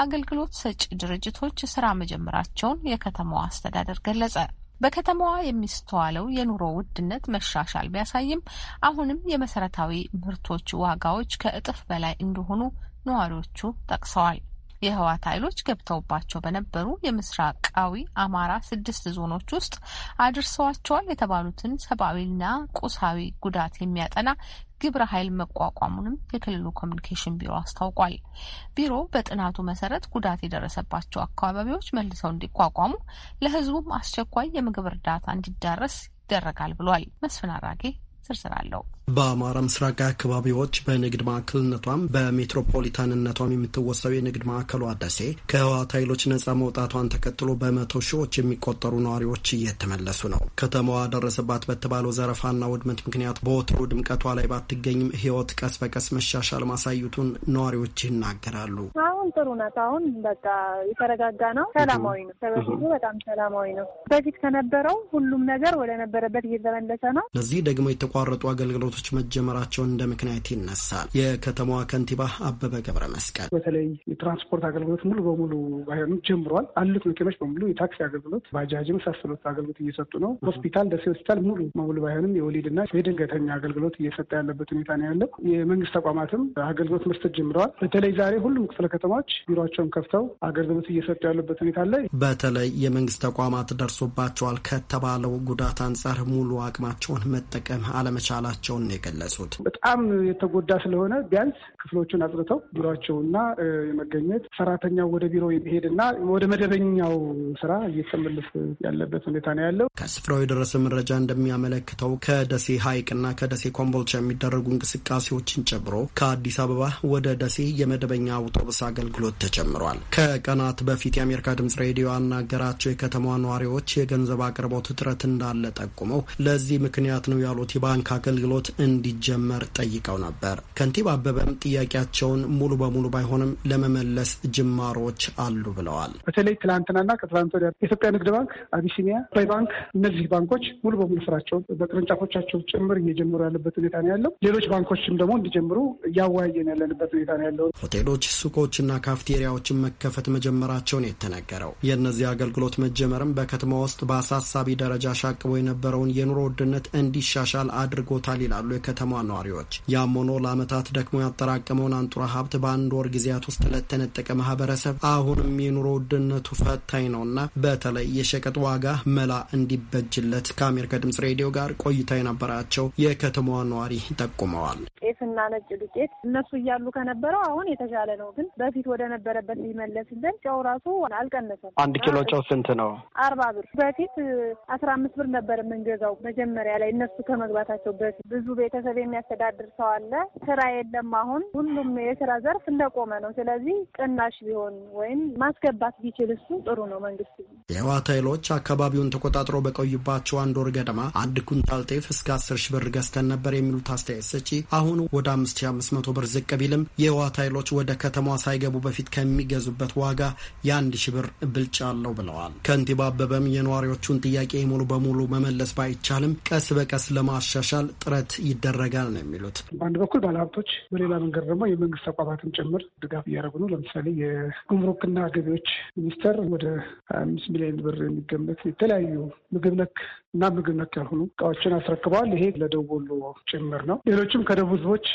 አገልግሎት ሰጪ ድርጅቶች ስራ መጀመራቸውን የከተማዋ አስተዳደር ገለጸ። በከተማዋ የሚስተዋለው የኑሮ ውድነት መሻሻል ቢያሳይም አሁንም የመሰረታዊ ምርቶች ዋጋዎች ከእጥፍ በላይ እንደሆኑ ነዋሪዎቹ ጠቅሰዋል። የህወሓት ኃይሎች ገብተውባቸው በነበሩ የምስራቃዊ አማራ ስድስት ዞኖች ውስጥ አድርሰዋቸዋል የተባሉትን ሰብአዊና ቁሳዊ ጉዳት የሚያጠና ግብረ ኃይል መቋቋሙንም የክልሉ ኮሚኒኬሽን ቢሮ አስታውቋል። ቢሮ በጥናቱ መሰረት ጉዳት የደረሰባቸው አካባቢዎች መልሰው እንዲቋቋሙ ለህዝቡም አስቸኳይ የምግብ እርዳታ እንዲዳረስ ይደረጋል ብሏል። መስፍን አራጌ ዝርዝር አለው። በአማራ ምስራቅ አካባቢዎች በንግድ ማዕከልነቷም በሜትሮፖሊታንነቷም የምትወሰው የንግድ ማዕከሏ ደሴ ከህወሓት ኃይሎች ነጻ መውጣቷን ተከትሎ በመቶ ሺዎች የሚቆጠሩ ነዋሪዎች እየተመለሱ ነው። ከተማዋ ደረሰባት በተባለው ዘረፋና ውድመት ምክንያት በወትሮ ድምቀቷ ላይ ባትገኝም ህይወት ቀስ በቀስ መሻሻል ማሳየቱን ነዋሪዎች ይናገራሉ። አሁን ጥሩ ናት። አሁን በቃ የተረጋጋ ነው። ሰላማዊ ነው። በፊቱ በጣም ሰላማዊ ነው። በፊት ከነበረው ሁሉም ነገር ወደነበረበት እየተመለሰ ነው። ለዚህ ደግሞ የተቋረጡ አገልግሎት አገልግሎቶች መጀመራቸውን እንደ ምክንያት ይነሳል። የከተማዋ ከንቲባ አበበ ገብረ መስቀል በተለይ የትራንስፖርት አገልግሎት ሙሉ በሙሉ ባይሆንም ጀምሯል። አሉት መኪኖች በሙሉ የታክሲ አገልግሎት፣ ባጃጅ የመሳሰሉት አገልግሎት እየሰጡ ነው። ሆስፒታል፣ ደሴ ሆስፒታል ሙሉ በሙሉ ባይሆንም የወሊድና የድንገተኛ አገልግሎት እየሰጠ ያለበት ሁኔታ ነው ያለው። የመንግስት ተቋማትም አገልግሎት መስጠት ጀምረዋል። በተለይ ዛሬ ሁሉም ክፍለ ከተማዎች ቢሮቸውን ከፍተው አገልግሎት እየሰጡ ያሉበት ሁኔታ አለ። በተለይ የመንግስት ተቋማት ደርሶባቸዋል ከተባለው ጉዳት አንጻር ሙሉ አቅማቸውን መጠቀም አለመቻላቸውን መሆኑን የገለጹት በጣም የተጎዳ ስለሆነ ቢያንስ ክፍሎችን አጽድተው ቢሮቸውና የመገኘት ሰራተኛው ወደ ቢሮ የሚሄድና ወደ መደበኛው ስራ እየተመለስ ያለበት ሁኔታ ነው ያለው። ከስፍራው የደረሰ መረጃ እንደሚያመለክተው ከደሴ ሐይቅና ከደሴ ኮምቦልቻ የሚደረጉ እንቅስቃሴዎችን ጨምሮ ከአዲስ አበባ ወደ ደሴ የመደበኛ አውቶቡስ አገልግሎት ተጨምሯል። ከቀናት በፊት የአሜሪካ ድምጽ ሬዲዮ ያናገራቸው የከተማ ነዋሪዎች የገንዘብ አቅርቦት እጥረት እንዳለ ጠቁመው ለዚህ ምክንያት ነው ያሉት የባንክ አገልግሎት እንዲጀመር ጠይቀው ነበር። ከንቲባ አበበም ጥያቄያቸውን ሙሉ በሙሉ ባይሆንም ለመመለስ ጅማሮች አሉ ብለዋል። በተለይ ትላንትናና ከትላንት ወዲያ የኢትዮጵያ ንግድ ባንክ፣ አቢሲኒያ፣ አባይ ባንክ እነዚህ ባንኮች ሙሉ በሙሉ ስራቸውን በቅርንጫፎቻቸው ጭምር እየጀመሩ ያለበት ሁኔታ ነው ያለው። ሌሎች ባንኮችም ደግሞ እንዲጀምሩ እያወያየን ያለንበት ሁኔታ ነው ያለው። ሆቴሎች፣ ሱቆችና ካፍቴሪያዎችን መከፈት መጀመራቸውን የተነገረው የእነዚህ አገልግሎት መጀመርም በከተማ ውስጥ በአሳሳቢ ደረጃ ሻቅቦ የነበረውን የኑሮ ውድነት እንዲሻሻል አድርጎታል ይላሉ የከተማ ነዋሪዎች። ያም ሆኖ ደክሞ ያጠራ የተጠራቀመውን አንጡራ ሀብት በአንድ ወር ጊዜያት ውስጥ ለተነጠቀ ማህበረሰብ አሁንም የኑሮ ውድነቱ ፈታኝ ነውና በተለይ የሸቀጥ ዋጋ መላ እንዲበጅለት ከአሜሪካ ድምጽ ሬዲዮ ጋር ቆይታ የነበራቸው የከተማዋ ነዋሪ ጠቁመዋል። ጤፍና ነጭ ዱቄት እነሱ እያሉ ከነበረው አሁን የተሻለ ነው፣ ግን በፊት ወደ ነበረበት ሊመለስልን ጨው ራሱ አልቀነሰም። አንድ ኪሎ ጨው ስንት ነው? አርባ ብር። በፊት አስራ አምስት ብር ነበር የምንገዛው መጀመሪያ ላይ እነሱ ከመግባታቸው በፊት። ብዙ ቤተሰብ የሚያስተዳድር ሰው አለ፣ ስራ የለም። አሁን ሁሉም የስራ ዘርፍ እንደቆመ ነው። ስለዚህ ቅናሽ ቢሆን ወይም ማስገባት ቢችል እሱ ጥሩ ነው። መንግስት የህወሓት ኃይሎች አካባቢውን ተቆጣጥሮ በቆዩባቸው አንድ ወር ገደማ አንድ ኩንታል ጤፍ እስከ አስር ሺ ብር ገዝተን ነበር የሚሉት አስተያየት ሰጪ አሁን ወደ አምስት ሺ አምስት መቶ ብር ዝቅ ቢልም የህወሓት ኃይሎች ወደ ከተማዋ ሳይገቡ በፊት ከሚገዙበት ዋጋ የአንድ ሺ ብር ብልጫ አለው ብለዋል። ከንቲባ አበበም የነዋሪዎቹን ጥያቄ ሙሉ በሙሉ መመለስ ባይቻልም ቀስ በቀስ ለማሻሻል ጥረት ይደረጋል ነው የሚሉት። በአንድ በኩል ባለሀብቶች በሌላ መንገድ ባሻገር ደግሞ የመንግስት ተቋማትን ጭምር ድጋፍ እያደረጉ ነው። ለምሳሌ የጉምሩክና ገቢዎች ሚኒስቴር ወደ አምስት ሚሊዮን ብር የሚገመት የተለያዩ ምግብ ነክ እና ምግብ ነክ ያልሆኑ እቃዎችን አስረክበዋል። ይሄ ለደቡብ ወሎ ጭምር ነው። ሌሎችም ከደቡብ ህዝቦች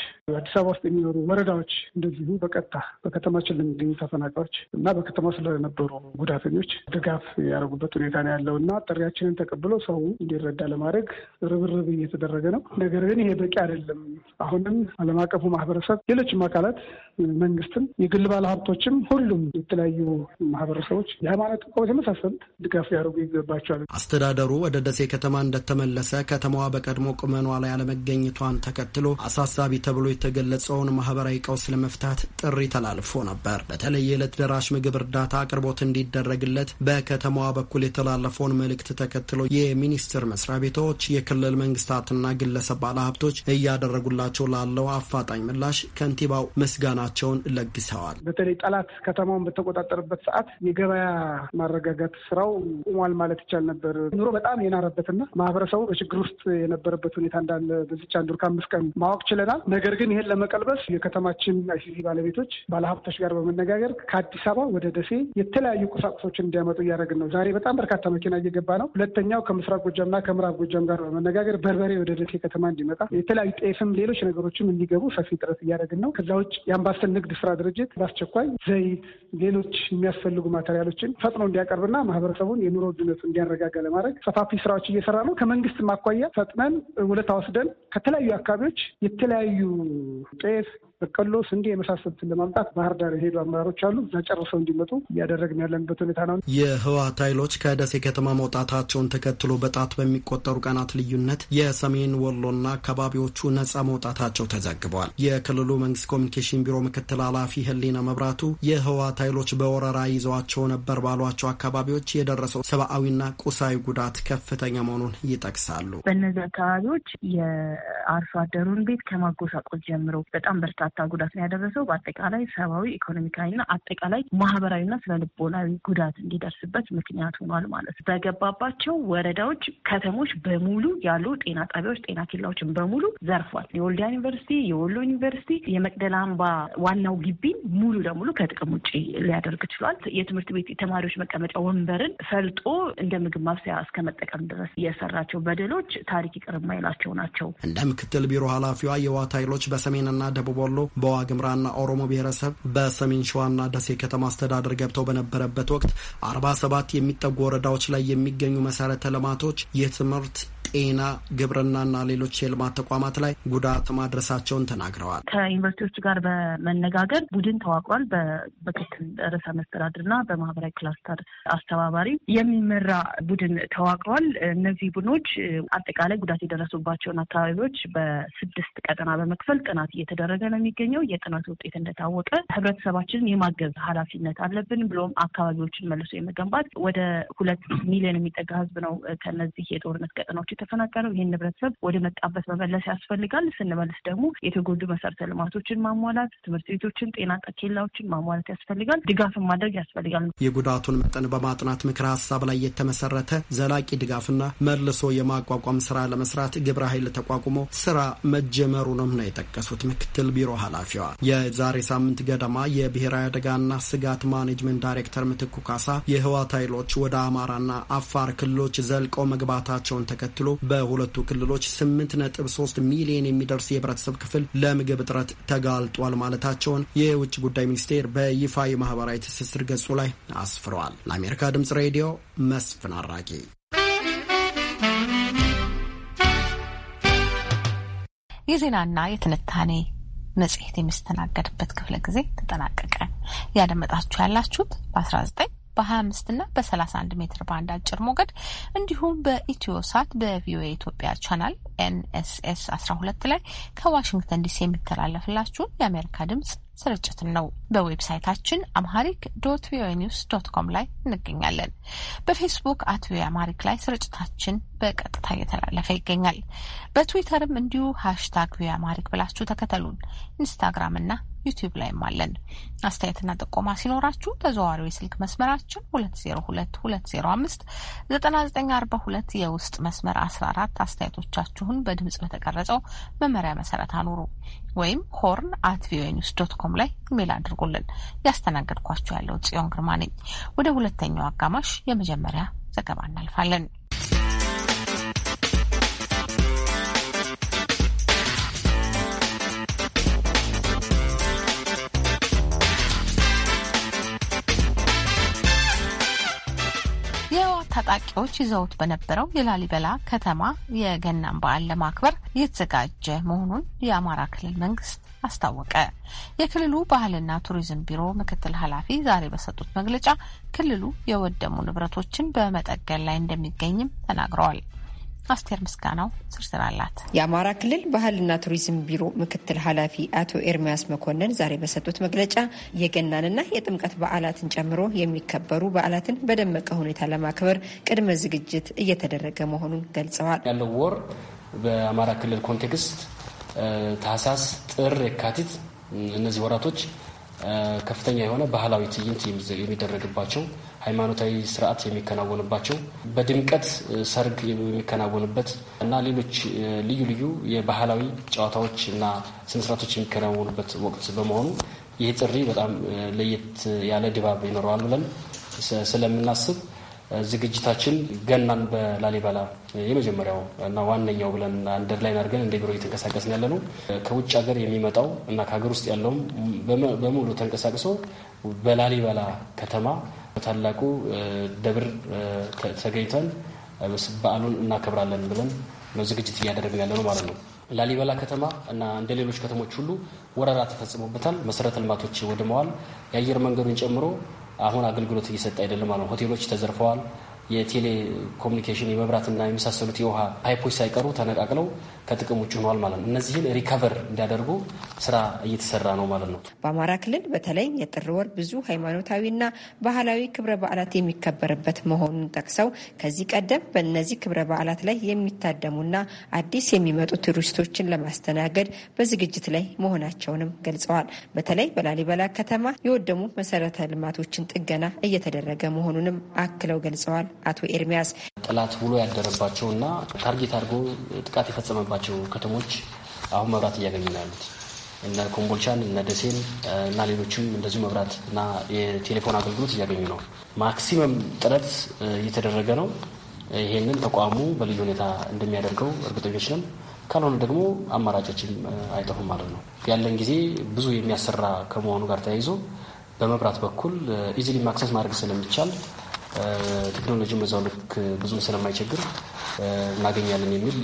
አዲስ አበባ ውስጥ የሚኖሩ ወረዳዎች እንደዚሁ በቀጥታ በከተማችን ለሚገኙ ተፈናቃዮች እና በከተማ ስለነበሩ ጉዳተኞች ድጋፍ ያደረጉበት ሁኔታ ነው ያለው እና ጥሪያችንን ተቀብሎ ሰው እንዲረዳ ለማድረግ ርብርብ እየተደረገ ነው። ነገር ግን ይሄ በቂ አይደለም። አሁንም ዓለም አቀፉ ማህበረሰብ ሌሎችም አካላት መንግስትም፣ የግል ባለሀብቶችም፣ ሁሉም የተለያዩ ማህበረሰቦች የሃይማኖት ተቋማት የመሳሰሉት ድጋፍ ሊያደርጉ ይገባቸዋል። አስተዳደሩ ወደ ደሴ ከተማ እንደተመለሰ ከተማዋ በቀድሞ ቁመኗ ላይ አለመገኘቷን ተከትሎ አሳሳቢ ተብሎ የተገለጸውን ማህበራዊ ቀውስ ለመፍታት ጥሪ ተላልፎ ነበር። በተለይ የዕለት ደራሽ ምግብ እርዳታ አቅርቦት እንዲደረግለት በከተማዋ በኩል የተላለፈውን መልእክት ተከትሎ የሚኒስቴር መስሪያ ቤቶች፣ የክልል መንግስታትና ግለሰብ ባለሀብቶች እያደረጉላቸው ላለው አፋጣኝ ምላሽ ከንቲባው ምስጋናቸውን ለግሰዋል። በተለይ ጠላት ከተማውን በተቆጣጠረበት ሰዓት የገበያ ማረጋጋት ስራው ቁሟል ማለት ይቻል ነበር። ኑሮ በጣም የናረበትና ማህበረሰቡ በችግር ውስጥ የነበረበት ሁኔታ እንዳለ በዚች አንድ ወር ከአምስት ቀን ማወቅ ችለናል። ነገር ግን ይህን ለመቀልበስ የከተማችን አይሲሲ ባለቤቶች ባለሀብቶች ጋር በመነጋገር ከአዲስ አበባ ወደ ደሴ የተለያዩ ቁሳቁሶች እንዲያመጡ እያደረግን ነው። ዛሬ በጣም በርካታ መኪና እየገባ ነው። ሁለተኛው ከምስራቅ ጎጃምና ከምዕራብ ጎጃም ጋር በመነጋገር በርበሬ ወደ ደሴ ከተማ እንዲመጣ የተለያዩ ጤፍም፣ ሌሎች ነገሮችም እንዲገቡ ሰፊ ጥረት እያደረግ እያደረግን ነው። ከዛ ውጭ የአምባሰል ንግድ ስራ ድርጅት በአስቸኳይ ዘይት፣ ሌሎች የሚያስፈልጉ ማቴሪያሎችን ፈጥኖ እንዲያቀርብና ማህበረሰቡን የኑሮ ውድነቱ እንዲያረጋጋ ለማድረግ ሰፋፊ ስራዎች እየሰራ ነው። ከመንግስት ማኳያ ፈጥነን ውለታ ወስደን ከተለያዩ አካባቢዎች የተለያዩ ጤፍ፣ በቀሎ፣ ስንዴ የመሳሰሉትን ለማምጣት ባህር ዳር የሄዱ አመራሮች አሉ። እዛ ጨርሰው እንዲመጡ እያደረግን ያለንበት ሁኔታ ነው። የህወሓት ኃይሎች ከደሴ ከተማ መውጣታቸውን ተከትሎ በጣት በሚቆጠሩ ቀናት ልዩነት የሰሜን ወሎና አካባቢዎቹ ነጻ መውጣታቸው ተዘግበዋል። የክልሉ መንግስት ኮሚኒኬሽን ቢሮ ምክትል ኃላፊ ህሊና መብራቱ የህወሓት ኃይሎች በወረራ ይዘዋቸው ነበር ባሏቸው አካባቢዎች የደረሰው ሰብአዊና ቁሳዊ ጉዳት ከፍተኛ መሆኑን ይጠቅሳሉ። በእነዚህ አካባቢዎች የአርሶ አደሩን ቤት ከማጎሳቆል ጀምሮ በጣም በርታ በርካታ ጉዳት ነው ያደረሰው። በአጠቃላይ ሰብአዊ፣ ኢኮኖሚካዊና አጠቃላይ ማህበራዊና ስነ ልቦናዊ ጉዳት እንዲደርስበት ምክንያት ሆኗል ማለት ነው። በገባባቸው ወረዳዎች፣ ከተሞች በሙሉ ያሉ ጤና ጣቢያዎች፣ ጤና ኬላዎችን በሙሉ ዘርፏል። የወልዲያ ዩኒቨርሲቲ፣ የወሎ ዩኒቨርሲቲ፣ የመቅደላ አምባ ዋናው ግቢን ሙሉ ለሙሉ ከጥቅም ውጭ ሊያደርግ ችሏል። የትምህርት ቤት የተማሪዎች መቀመጫ ወንበርን ፈልጦ እንደ ምግብ ማብሰያ እስከመጠቀም ድረስ የሰራቸው በደሎች ታሪክ ይቅር የማይላቸው ናቸው። እንደ ምክትል ቢሮ ኃላፊዋ የዋት ኃይሎች በሰሜንና ደቡብ ወሎ በወሎ በዋግምራና ኦሮሞ ብሔረሰብ በሰሜን ሸዋና ደሴ ከተማ አስተዳደር ገብተው በነበረበት ወቅት 47 የሚጠጉ ወረዳዎች ላይ የሚገኙ መሰረተ ልማቶች የትምህርት ጤና፣ ግብርናና ሌሎች የልማት ተቋማት ላይ ጉዳት ማድረሳቸውን ተናግረዋል። ከዩኒቨርሲቲዎች ጋር በመነጋገር ቡድን ተዋቅሯል። በምክትል ርዕሰ መስተዳድርና በማህበራዊ ክላስተር አስተባባሪ የሚመራ ቡድን ተዋቅሯል። እነዚህ ቡድኖች አጠቃላይ ጉዳት የደረሱባቸውን አካባቢዎች በስድስት ቀጠና በመክፈል ጥናት እየተደረገ ነው የሚገኘው። የጥናት ውጤት እንደታወቀ ህብረተሰባችንን የማገዝ ኃላፊነት አለብን ብሎም አካባቢዎችን መልሶ የመገንባት ወደ ሁለት ሚሊዮን የሚጠጋ ህዝብ ነው ከነዚህ የጦርነት ቀጠናዎች የተፈናቀለው ይህን ህብረተሰብ ወደ መጣበት መመለስ ያስፈልጋል። ስንመልስ ደግሞ የተጎዱ መሰረተ ልማቶችን ማሟላት፣ ትምህርት ቤቶችን፣ ጤና ኬላዎችን ማሟላት ያስፈልጋል። ድጋፍን ማድረግ ያስፈልጋል። የጉዳቱን መጠን በማጥናት ምክረ ሀሳብ ላይ የተመሰረተ ዘላቂ ድጋፍና መልሶ የማቋቋም ስራ ለመስራት ግብረ ኃይል ተቋቁሞ ስራ መጀመሩንም ነው የጠቀሱት ምክትል ቢሮ ኃላፊዋ። የዛሬ ሳምንት ገደማ የብሔራዊ አደጋና ስጋት ማኔጅመንት ዳይሬክተር ምትኩ ካሳ የህወሓት ኃይሎች ወደ አማራና አፋር ክልሎች ዘልቀው መግባታቸውን ተከትሎ በሁለቱ ክልሎች 8.3 ሚሊዮን የሚደርስ የህብረተሰብ ክፍል ለምግብ እጥረት ተጋልጧል ማለታቸውን የውጭ ጉዳይ ሚኒስቴር በይፋ የማህበራዊ ትስስር ገጹ ላይ አስፍረዋል። ለአሜሪካ ድምጽ ሬዲዮ መስፍን አራቂ። የዜናና የትንታኔ መጽሔት የሚስተናገድበት ክፍለ ጊዜ ተጠናቀቀ። ያደመጣችሁ ያላችሁት በ19 በ25 እና በ31 ሜትር ባንድ አጭር ሞገድ እንዲሁም በኢትዮ ሳት በቪኦኤ ኢትዮጵያ ቻናል ኤንኤስኤስ 12 ላይ ከዋሽንግተን ዲሲ የሚተላለፍላችሁን የአሜሪካ ድምጽ ስርጭትን ነው። በዌብሳይታችን አምሃሪክ ዶት ቪኦኤ ኒውስ ዶት ኮም ላይ እንገኛለን። በፌስቡክ አት ቪኦኤ አማሪክ ላይ ስርጭታችን በቀጥታ እየተላለፈ ይገኛል። በትዊተርም እንዲሁ ሃሽታግ ቪኦኤ አማሪክ ብላችሁ ተከተሉን። ኢንስታግራም እና ዩቲዩብ ላይም አለን። አስተያየትና ጥቆማ ሲኖራችሁ ተዘዋዋሪው የስልክ መስመራችን ሁለት ዜሮ ሁለት ሁለት ዜሮ አምስት ዘጠና ዘጠኝ አርባ ሁለት የውስጥ መስመር አስራ አራት አስተያየቶቻችሁን በድምጽ በተቀረጸው መመሪያ መሰረት አኑሩ። ወይም ሆርን አት ቪኦኤ ኒውስ ዶት ኮም ላይ ኢሜል አድርጉልን። ያስተናገድኳቸው ያለው ጽዮን ግርማ ነኝ። ወደ ሁለተኛው አጋማሽ የመጀመሪያ ዘገባ እናልፋለን። ታጣቂዎች ይዘውት በነበረው የላሊበላ ከተማ የገናን በዓል ለማክበር የተዘጋጀ መሆኑን የአማራ ክልል መንግስት አስታወቀ። የክልሉ ባህልና ቱሪዝም ቢሮ ምክትል ኃላፊ ዛሬ በሰጡት መግለጫ ክልሉ የወደሙ ንብረቶችን በመጠገን ላይ እንደሚገኝም ተናግረዋል። አስቴር ምስጋናው ዝርዝር አላት። የአማራ ክልል ባህልና ቱሪዝም ቢሮ ምክትል ኃላፊ አቶ ኤርሚያስ መኮንን ዛሬ በሰጡት መግለጫ የገናንና የጥምቀት በዓላትን ጨምሮ የሚከበሩ በዓላትን በደመቀ ሁኔታ ለማክበር ቅድመ ዝግጅት እየተደረገ መሆኑን ገልጸዋል። ያለው ወር በአማራ ክልል ኮንቴክስት ታህሳስ፣ ጥር፣ የካቲት እነዚህ ወራቶች ከፍተኛ የሆነ ባህላዊ ትዕይንት የሚደረግባቸው ሃይማኖታዊ ስርዓት የሚከናወንባቸው በድምቀት ሰርግ የሚከናወንበት እና ሌሎች ልዩ ልዩ የባህላዊ ጨዋታዎች እና ስነስርዓቶች የሚከናወኑበት ወቅት በመሆኑ ይህ ጥሪ በጣም ለየት ያለ ድባብ ይኖረዋል ብለን ስለምናስብ ዝግጅታችን ገናን በላሊበላ የመጀመሪያው እና ዋነኛው ብለን አንደር ላይ አድርገን እንደ ቢሮ እየተንቀሳቀስን ያለ ነው። ከውጭ ሀገር የሚመጣው እና ከሀገር ውስጥ ያለውም በሙሉ ተንቀሳቅሶ በላሊበላ ከተማ በታላቁ ደብር ተገኝተን በዓሉን እናከብራለን ብለን ነው ዝግጅት እያደረግን ያለ ነው ማለት ነው። ላሊበላ ከተማ እና እንደ ሌሎች ከተሞች ሁሉ ወረራ ተፈጽሞበታል። መሰረተ ልማቶች ወድመዋል። የአየር መንገዱን ጨምሮ አሁን አገልግሎት እየሰጠ አይደለም ማለት ነው። ሆቴሎች ተዘርፈዋል። የቴሌኮሙኒኬሽን የመብራትና የመሳሰሉት የውሃ ፓይፖች ሳይቀሩ ተነቃቅለው ከጥቅም ውጭ ሆኗል ማለት ነው። እነዚህን ሪከቨር እንዲያደርጉ ስራ እየተሰራ ነው ማለት ነው። በአማራ ክልል በተለይ የጥር ወር ብዙ ሃይማኖታዊና ባህላዊ ክብረ በዓላት የሚከበርበት መሆኑን ጠቅሰው ከዚህ ቀደም በእነዚህ ክብረ በዓላት ላይ የሚታደሙና አዲስ የሚመጡ ቱሪስቶችን ለማስተናገድ በዝግጅት ላይ መሆናቸውንም ገልጸዋል። በተለይ በላሊበላ ከተማ የወደሙ መሰረተ ልማቶችን ጥገና እየተደረገ መሆኑንም አክለው ገልጸዋል። አቶ ኤርሚያስ ጠላት ውሎ ያደረባቸው እና ታርጌት አድርጎ ጥቃት የፈጸመባቸው ከተሞች አሁን መብራት እያገኙ ነው ያሉት እነ ኮምቦልቻን እነ ደሴን እና ሌሎችም እንደዚሁ መብራት እና የቴሌፎን አገልግሎት እያገኙ ነው። ማክሲመም ጥረት እየተደረገ ነው። ይሄንን ተቋሙ በልዩ ሁኔታ እንደሚያደርገው እርግጠኞች ነን። ካልሆነ ደግሞ አማራጮችም አይጠፉም ማለት ነው። ያለን ጊዜ ብዙ የሚያሰራ ከመሆኑ ጋር ተያይዞ በመብራት በኩል ኢዚሊ ማክሰስ ማድረግ ስለሚቻል ቴክኖሎጂን በዛው ልክ ብዙም ስለማይቸግር እናገኛለን የሚል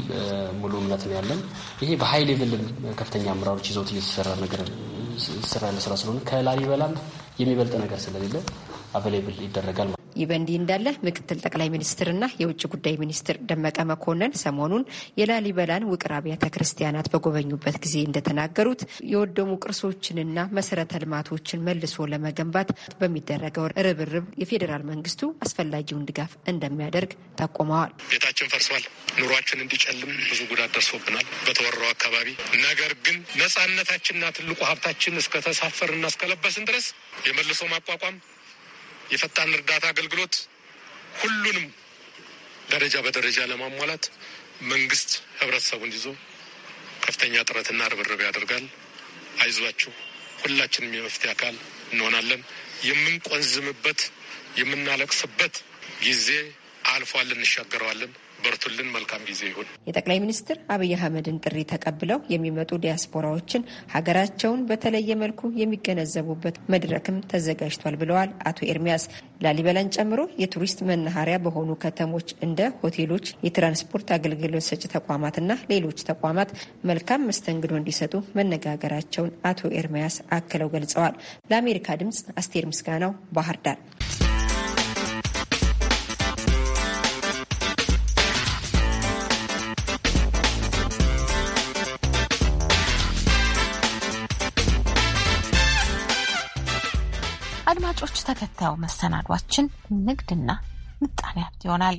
ሙሉ እምነት ነው ያለን። ይሄ በሀይ ሌቭል ከፍተኛ አመራሮች ይዘውት እየተሰራ ነገር ስራ ያለ ስራ ስለሆነ ከላሊበላም የሚበልጥ ነገር ስለሌለ አቬሌብል ይደረጋል ይህ በእንዲህ እንዳለ ምክትል ጠቅላይ ሚኒስትርና የውጭ ጉዳይ ሚኒስትር ደመቀ መኮንን ሰሞኑን የላሊበላን ውቅር አብያተ ክርስቲያናት በጎበኙበት ጊዜ እንደተናገሩት የወደሙ ቅርሶችንና መሰረተ ልማቶችን መልሶ ለመገንባት በሚደረገው ርብርብ የፌዴራል መንግስቱ አስፈላጊውን ድጋፍ እንደሚያደርግ ጠቁመዋል። ቤታችን ፈርሷል። ኑሯችን እንዲጨልም ብዙ ጉዳት ደርሶብናል በተወራው አካባቢ። ነገር ግን ነጻነታችንና ትልቁ ሀብታችን እስከተሳፈርና እስከለበስን ድረስ የመልሶ ማቋቋም የፈጣን እርዳታ አገልግሎት ሁሉንም ደረጃ በደረጃ ለማሟላት መንግስት ህብረተሰቡን ይዞ ከፍተኛ ጥረትና ርብርብ ያደርጋል። አይዟችሁ፣ ሁላችንም የመፍትሄ አካል እንሆናለን። የምንቆንዝምበት የምናለቅስበት ጊዜ አልፏል፣ እንሻገረዋለን። በርቱልን። መልካም ጊዜ ይሁን። የጠቅላይ ሚኒስትር አብይ አህመድን ጥሪ ተቀብለው የሚመጡ ዲያስፖራዎችን ሀገራቸውን በተለየ መልኩ የሚገነዘቡበት መድረክም ተዘጋጅቷል ብለዋል አቶ ኤርሚያስ። ላሊበላን ጨምሮ የቱሪስት መናኸሪያ በሆኑ ከተሞች እንደ ሆቴሎች፣ የትራንስፖርት አገልግሎት ሰጪ ተቋማትና ሌሎች ተቋማት መልካም መስተንግዶ እንዲሰጡ መነጋገራቸውን አቶ ኤርሚያስ አክለው ገልጸዋል። ለአሜሪካ ድምጽ አስቴር ምስጋናው ባህር ዳር አድማጮች፣ ተከታዩ መሰናዷችን ንግድና ምጣኔ ሀብት ይሆናል።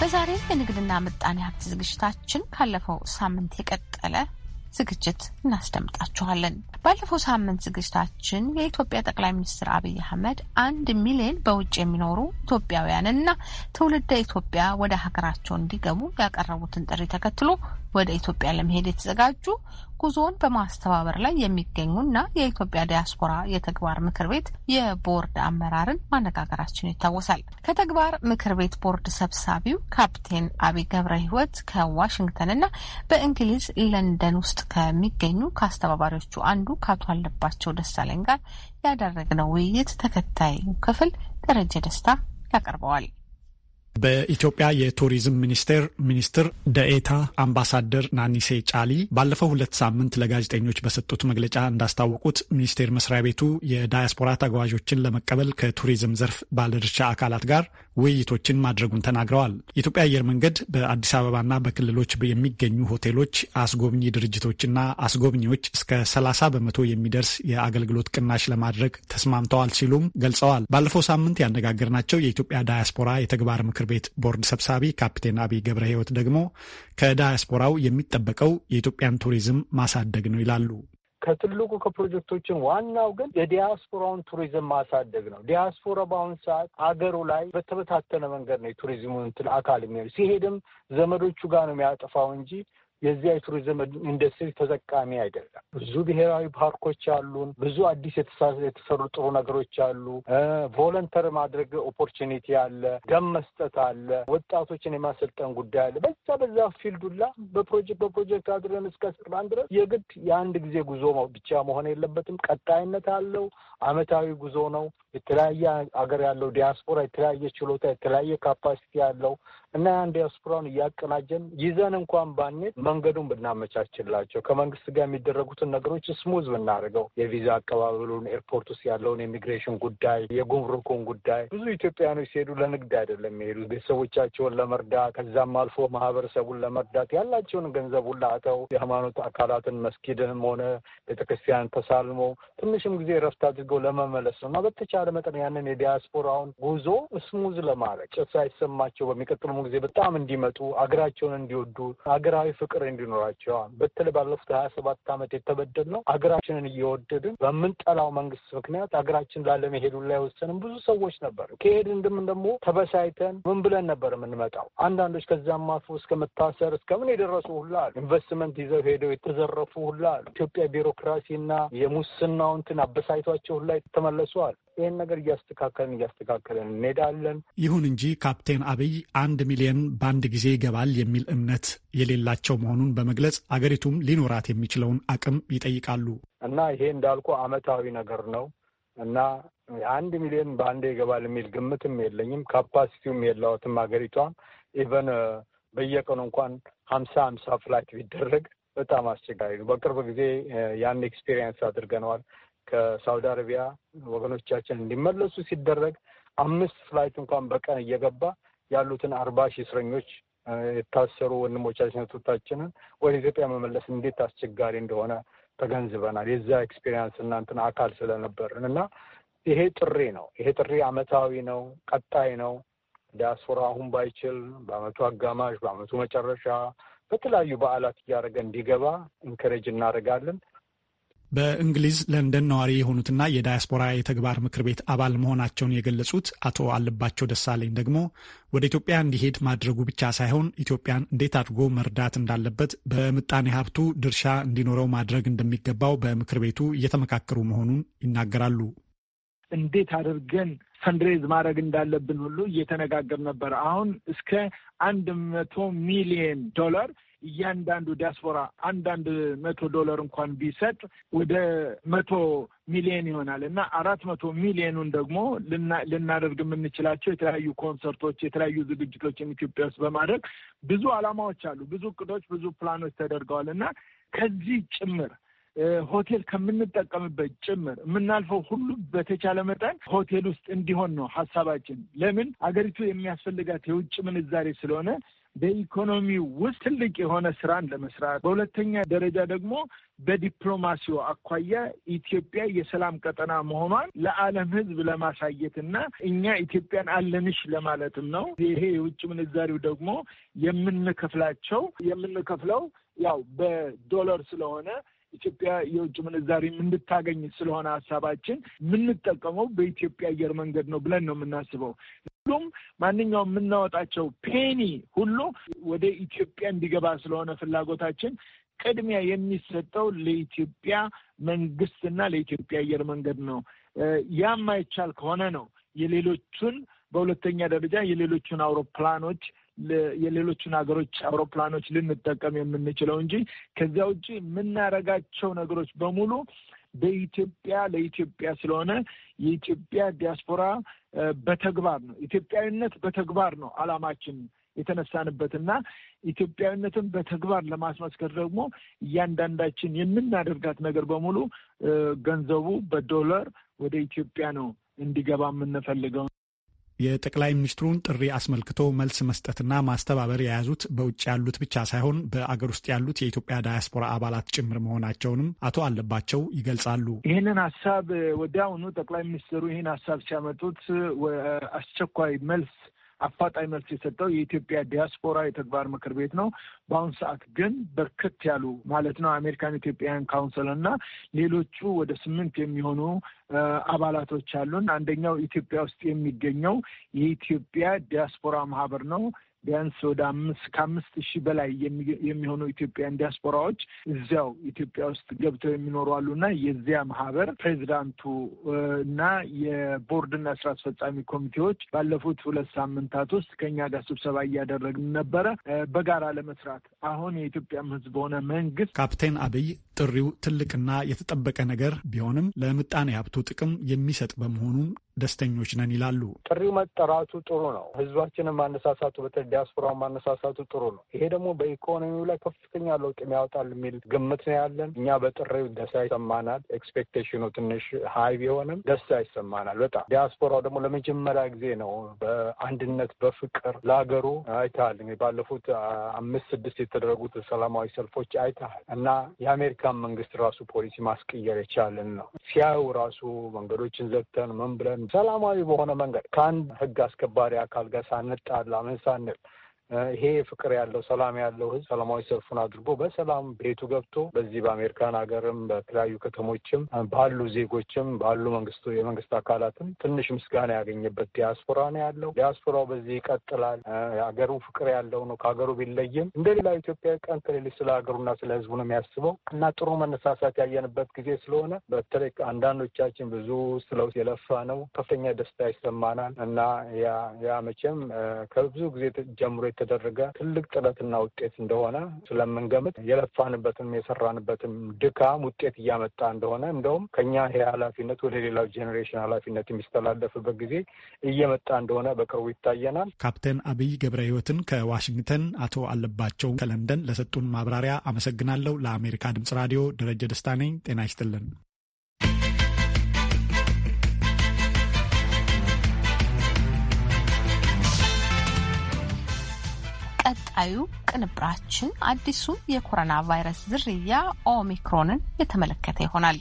በዛሬ የንግድና ምጣኔ ሀብት ዝግጅታችን ካለፈው ሳምንት የቀጠለ ዝግጅት እናስደምጣችኋለን። ባለፈው ሳምንት ዝግጅታችን የኢትዮጵያ ጠቅላይ ሚኒስትር አብይ አህመድ አንድ ሚሊዮን በውጭ የሚኖሩ ኢትዮጵያውያንና ትውልደ ኢትዮጵያ ወደ ሀገራቸው እንዲገቡ ያቀረቡትን ጥሪ ተከትሎ ወደ ኢትዮጵያ ለመሄድ የተዘጋጁ ጉዞውን በማስተባበር ላይ የሚገኙና የኢትዮጵያ ዲያስፖራ የተግባር ምክር ቤት የቦርድ አመራርን ማነጋገራችን ይታወሳል። ከተግባር ምክር ቤት ቦርድ ሰብሳቢው ካፕቴን አቢ ገብረ ህይወት ከዋሽንግተንና በእንግሊዝ ለንደን ውስጥ ከሚገኙ ከአስተባባሪዎቹ አንዱ ከአቶ አለባቸው ደሳለኝ ጋር ያደረግነው ውይይት ተከታዩ ክፍል ደረጀ ደስታ ያቀርበዋል። በኢትዮጵያ የቱሪዝም ሚኒስቴር ሚኒስትር ደኤታ አምባሳደር ናኒሴ ጫሊ ባለፈው ሁለት ሳምንት ለጋዜጠኞች በሰጡት መግለጫ እንዳስታወቁት ሚኒስቴር መስሪያ ቤቱ የዳያስፖራ ተጓዦችን ለመቀበል ከቱሪዝም ዘርፍ ባለድርሻ አካላት ጋር ውይይቶችን ማድረጉን ተናግረዋል። የኢትዮጵያ አየር መንገድ በአዲስ አበባና በክልሎች የሚገኙ ሆቴሎች፣ አስጎብኚ ድርጅቶችና አስጎብኚዎች እስከ 30 በመቶ የሚደርስ የአገልግሎት ቅናሽ ለማድረግ ተስማምተዋል ሲሉም ገልጸዋል። ባለፈው ሳምንት ያነጋገርናቸው የኢትዮጵያ ዳያስፖራ የተግባር ምክር ቤት ቦርድ ሰብሳቢ ካፕቴን አብይ ገብረ ሕይወት ደግሞ ከዳያስፖራው የሚጠበቀው የኢትዮጵያን ቱሪዝም ማሳደግ ነው ይላሉ። ከትልቁ ከፕሮጀክቶችን ዋናው ግን የዲያስፖራውን ቱሪዝም ማሳደግ ነው። ዲያስፖራ በአሁን ሰዓት አገሩ ላይ በተበታተነ መንገድ ነው የቱሪዝሙን እንትን አካል የሚሆ ሲሄድም ዘመዶቹ ጋር ነው የሚያጠፋው እንጂ የዚያ የቱሪዝም ኢንዱስትሪ ተጠቃሚ አይደለም። ብዙ ብሔራዊ ፓርኮች አሉን። ብዙ አዲስ የተሰሩ ጥሩ ነገሮች አሉ። ቮለንተር ማድረግ ኦፖርቹኒቲ አለ፣ ደም መስጠት አለ፣ ወጣቶችን የማሰልጠን ጉዳይ አለ። በዛ በዛ ፊልዱላ በፕሮጀክት በፕሮጀክት አድረን እስከ ስቅባን ድረስ የግድ የአንድ ጊዜ ጉዞ ብቻ መሆን የለበትም። ቀጣይነት አለው። አመታዊ ጉዞ ነው። የተለያየ አገር ያለው ዲያስፖራ የተለያየ ችሎታ የተለያየ ካፓሲቲ ያለው እና ያን ዲያስፖራውን እያቀናጀን ይዘን እንኳን ባኔት መንገዱን ብናመቻችላቸው ከመንግስት ጋር የሚደረጉትን ነገሮች ስሙዝ ብናደርገው የቪዛ አቀባበሉን፣ ኤርፖርት ውስጥ ያለውን የኢሚግሬሽን ጉዳይ፣ የጉምሩኩን ጉዳይ ብዙ ኢትዮጵያኖች ሲሄዱ ለንግድ አይደለም የሚሄዱት ቤተሰቦቻቸውን ለመርዳት ከዛም አልፎ ማህበረሰቡን ለመርዳት ያላቸውን ገንዘብ ሁላ የሃይማኖት አካላትን መስጊድንም ሆነ ቤተክርስቲያን ተሳልሞ ትንሽም ጊዜ ረፍት አድርገው ለመመለስ ነው እና በተቻለ መጠን ያንን የዲያስፖራውን ጉዞ ስሙዝ ለማድረግ ጭስ አይሰማቸው በሚቀጥሉ ጊዜ በጣም እንዲመጡ አገራቸውን እንዲወዱ ሀገራዊ ፍቅር እንዲኖራቸው በተለይ ባለፉት ሀያ ሰባት ዓመት ነው አገራችንን እየወደድን በምንጠላው መንግስት ምክንያት ሀገራችን ላለመሄዱ ላይ ወሰንም ብዙ ሰዎች ነበር። ከሄድን ደግሞ ተበሳይተን ምን ብለን ነበር የምንመጣው? አንዳንዶች ከዛም አልፎ እስከ መታሰር እስከምን የደረሱ ሁላ አሉ። ኢንቨስትመንት ይዘው ሄደው የተዘረፉ ሁላ አሉ። ኢትዮጵያ ቢሮክራሲና የሙስናው እንትን አበሳይቷቸው ሁላ የተመለሱ አሉ። ይህን ነገር እያስተካከልን እያስተካከልን እንሄዳለን። ይሁን እንጂ ካፕቴን አብይ አንድ ሚሊዮን በአንድ ጊዜ ይገባል የሚል እምነት የሌላቸው መሆኑን በመግለጽ አገሪቱም ሊኖራት የሚችለውን አቅም ይጠይቃሉ። እና ይሄ እንዳልኩ አመታዊ ነገር ነው እና አንድ ሚሊዮን በአንድ ይገባል የሚል ግምትም የለኝም። ካፓሲቲውም የለውትም አገሪቷ ኢቨን በየቀኑ እንኳን ሀምሳ ሀምሳ ፍላይት ቢደረግ በጣም አስቸጋሪ ነው። በቅርብ ጊዜ ያን ኤክስፔሪየንስ አድርገነዋል። ከሳውዲ አረቢያ ወገኖቻችን እንዲመለሱ ሲደረግ አምስት ፍላይት እንኳን በቀን እየገባ ያሉትን አርባ ሺህ እስረኞች የታሰሩ ወንድሞቻችን እህቶቻችንን ወደ ኢትዮጵያ መመለስ እንዴት አስቸጋሪ እንደሆነ ተገንዝበናል። የዛ ኤክስፔሪንስ እናንትን አካል ስለነበርን እና ይሄ ጥሪ ነው። ይሄ ጥሪ አመታዊ ነው፣ ቀጣይ ነው። ዲያስፖራ አሁን ባይችል በአመቱ አጋማሽ፣ በአመቱ መጨረሻ በተለያዩ በዓላት እያደረገ እንዲገባ ኢንከሬጅ እናደርጋለን። በእንግሊዝ ለንደን ነዋሪ የሆኑትና የዳያስፖራ የተግባር ምክር ቤት አባል መሆናቸውን የገለጹት አቶ አለባቸው ደሳለኝ ደግሞ ወደ ኢትዮጵያ እንዲሄድ ማድረጉ ብቻ ሳይሆን ኢትዮጵያን እንዴት አድርጎ መርዳት እንዳለበት በምጣኔ ሀብቱ ድርሻ እንዲኖረው ማድረግ እንደሚገባው በምክር ቤቱ እየተመካከሩ መሆኑን ይናገራሉ። እንዴት አድርገን ፈንድሬዝ ማድረግ እንዳለብን ሁሉ እየተነጋገር ነበር። አሁን እስከ አንድ መቶ ሚሊየን ዶላር እያንዳንዱ ዲያስፖራ አንዳንድ መቶ ዶላር እንኳን ቢሰጥ ወደ መቶ ሚሊዮን ይሆናል እና አራት መቶ ሚሊዮኑን ደግሞ ልናደርግ የምንችላቸው የተለያዩ ኮንሰርቶች፣ የተለያዩ ዝግጅቶችን ኢትዮጵያ ውስጥ በማድረግ ብዙ አላማዎች አሉ፣ ብዙ እቅዶች፣ ብዙ ፕላኖች ተደርገዋል እና ከዚህ ጭምር ሆቴል ከምንጠቀምበት ጭምር የምናልፈው ሁሉ በተቻለ መጠን ሆቴል ውስጥ እንዲሆን ነው ሀሳባችን። ለምን አገሪቱ የሚያስፈልጋት የውጭ ምንዛሬ ስለሆነ በኢኮኖሚው ውስጥ ትልቅ የሆነ ስራን ለመስራት በሁለተኛ ደረጃ ደግሞ በዲፕሎማሲው አኳያ ኢትዮጵያ የሰላም ቀጠና መሆኗን ለዓለም ሕዝብ ለማሳየት እና እኛ ኢትዮጵያን አለንሽ ለማለትም ነው። ይሄ የውጭ ምንዛሪው ደግሞ የምንከፍላቸው የምንከፍለው ያው በዶለር ስለሆነ ኢትዮጵያ የውጭ ምንዛሪም እንድታገኝ ስለሆነ ሀሳባችን የምንጠቀመው በኢትዮጵያ አየር መንገድ ነው ብለን ነው የምናስበው። ሁሉም ማንኛውም የምናወጣቸው ፔኒ ሁሉ ወደ ኢትዮጵያ እንዲገባ ስለሆነ ፍላጎታችን ቅድሚያ የሚሰጠው ለኢትዮጵያ መንግስትና ለኢትዮጵያ አየር መንገድ ነው። ያ የማይቻል ከሆነ ነው የሌሎቹን በሁለተኛ ደረጃ የሌሎቹን አውሮፕላኖች የሌሎችን ሀገሮች አውሮፕላኖች ልንጠቀም የምንችለው እንጂ ከዚያ ውጭ የምናረጋቸው ነገሮች በሙሉ በኢትዮጵያ ለኢትዮጵያ ስለሆነ የኢትዮጵያ ዲያስፖራ በተግባር ነው። ኢትዮጵያዊነት በተግባር ነው አላማችን የተነሳንበት እና ኢትዮጵያዊነትን በተግባር ለማስመስከር ደግሞ እያንዳንዳችን የምናደርጋት ነገር በሙሉ ገንዘቡ በዶላር ወደ ኢትዮጵያ ነው እንዲገባ የምንፈልገው። የጠቅላይ ሚኒስትሩን ጥሪ አስመልክቶ መልስ መስጠትና ማስተባበር የያዙት በውጭ ያሉት ብቻ ሳይሆን በአገር ውስጥ ያሉት የኢትዮጵያ ዳያስፖራ አባላት ጭምር መሆናቸውንም አቶ አለባቸው ይገልጻሉ። ይህንን ሀሳብ ወዲያውኑ ጠቅላይ ሚኒስትሩ ይህን ሀሳብ ሲያመጡት አስቸኳይ መልስ አፋጣኝ መልስ የሰጠው የኢትዮጵያ ዲያስፖራ የተግባር ምክር ቤት ነው። በአሁኑ ሰዓት ግን በርከት ያሉ ማለት ነው አሜሪካን ኢትዮጵያውያን ካውንስል እና ሌሎቹ ወደ ስምንት የሚሆኑ አባላቶች አሉን። አንደኛው ኢትዮጵያ ውስጥ የሚገኘው የኢትዮጵያ ዲያስፖራ ማህበር ነው። ቢያንስ ወደ አምስት ከአምስት ሺህ በላይ የሚሆኑ ኢትዮጵያን ዲያስፖራዎች እዚያው ኢትዮጵያ ውስጥ ገብተው የሚኖሩ እና የዚያ ማህበር ፕሬዚዳንቱ እና የቦርድና ስራ አስፈጻሚ ኮሚቴዎች ባለፉት ሁለት ሳምንታት ውስጥ ከኛ ጋር ስብሰባ እያደረግን ነበረ በጋራ ለመስራት አሁን የኢትዮጵያም ህዝብ ሆነ መንግስት። ካፕቴን አብይ ጥሪው ትልቅና የተጠበቀ ነገር ቢሆንም ለምጣኔ ሀብቱ ጥቅም የሚሰጥ በመሆኑም ደስተኞች ነን ይላሉ። ጥሪው መጠራቱ ጥሩ ነው። ህዝባችንን ማነሳሳቱ በተደ ዲያስፖራውን ማነሳሳቱ ጥሩ ነው። ይሄ ደግሞ በኢኮኖሚው ላይ ከፍተኛ ለውጥ የሚያወጣል የሚል ግምት ነው ያለን። እኛ በጥሬው ደስ ይሰማናል። ኤክስፔክቴሽኑ ትንሽ ሀይ ቢሆንም ደስታ ይሰማናል በጣም ዲያስፖራው ደግሞ ለመጀመሪያ ጊዜ ነው በአንድነት በፍቅር ለሀገሩ አይተሃል። ባለፉት አምስት ስድስት የተደረጉት ሰላማዊ ሰልፎች አይተሃል እና የአሜሪካን መንግስት ራሱ ፖሊሲ ማስቀየር የቻልን ነው ሲያዩ ራሱ መንገዶችን ዘግተን ምን ብለን ሰላማዊ በሆነ መንገድ ከአንድ ህግ አስከባሪ አካል ጋር ሳንጣላ ምን ሳንል ይሄ ፍቅር ያለው ሰላም ያለው ህዝብ ሰላማዊ ሰልፉን አድርጎ በሰላም ቤቱ ገብቶ በዚህ በአሜሪካን ሀገርም በተለያዩ ከተሞችም ባሉ ዜጎችም ባሉ መንግስቱ የመንግስት አካላትም ትንሽ ምስጋና ያገኘበት ዲያስፖራ ነው ያለው። ዲያስፖራው በዚህ ይቀጥላል። ሀገሩ ፍቅር ያለው ነው። ከሀገሩ ቢለይም እንደሌላ ኢትዮጵያ ቀን ከሌሊት ስለ ሀገሩና ስለ ህዝቡ ነው የሚያስበው እና ጥሩ መነሳሳት ያየንበት ጊዜ ስለሆነ በተለይ አንዳንዶቻችን ብዙ ስለው የለፋ ነው ከፍተኛ ደስታ ይሰማናል እና ያ መቼም ከብዙ ጊዜ ጀምሮ የተደረገ ትልቅ ጥረትና ውጤት እንደሆነ ስለምንገምት የለፋንበትም የሰራንበትም ድካም ውጤት እያመጣ እንደሆነ እንደውም ከኛ ይሄ ኃላፊነት ወደ ሌላው ጄኔሬሽን ኃላፊነት የሚስተላለፍበት ጊዜ እየመጣ እንደሆነ በቅርቡ ይታየናል። ካፕቴን አብይ ገብረ ህይወትን ከዋሽንግተን፣ አቶ አለባቸው ከለንደን ለሰጡን ማብራሪያ አመሰግናለሁ። ለአሜሪካ ድምጽ ራዲዮ ደረጀ ደስታ ነኝ። ጤና ይስጥልን። ቀጣዩ ቅንብራችን አዲሱ የኮሮና ቫይረስ ዝርያ ኦሚክሮንን የተመለከተ ይሆናል።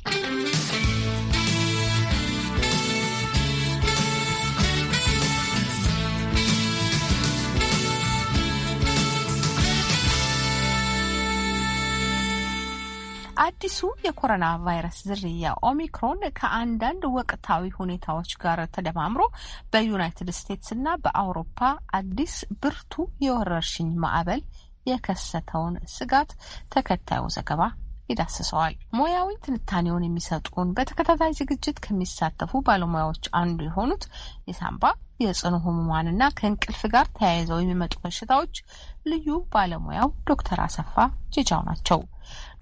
አዲሱ የኮሮና ቫይረስ ዝርያ ኦሚክሮን ከአንዳንድ ወቅታዊ ሁኔታዎች ጋር ተደማምሮ በዩናይትድ እና በአውሮፓ አዲስ ብርቱ የወረርሽኝ ማዕበል የከሰተውን ስጋት ተከታዩ ዘገባ ይዳስሰዋል። ሙያዊ ትንታኔውን የሚሰጡን በተከታታይ ዝግጅት ከሚሳተፉ ባለሙያዎች አንዱ የሆኑት የሳምባ የጽኑ እና ከእንቅልፍ ጋር ተያይዘው የሚመጡ በሽታዎች ልዩ ባለሙያው ዶክተር አሰፋ ጀጃው ናቸው።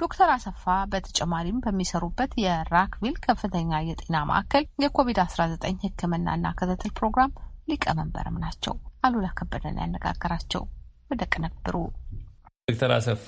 ዶክተር አሰፋ በተጨማሪም በሚሰሩበት የራክቪል ከፍተኛ የጤና ማዕከል የኮቪድ-19 ሕክምናና ክትትል ፕሮግራም ሊቀመንበርም ናቸው። አሉላ ከበደን ያነጋገራቸው። ወደ ቅንብሩ ዶክተር አሰፋ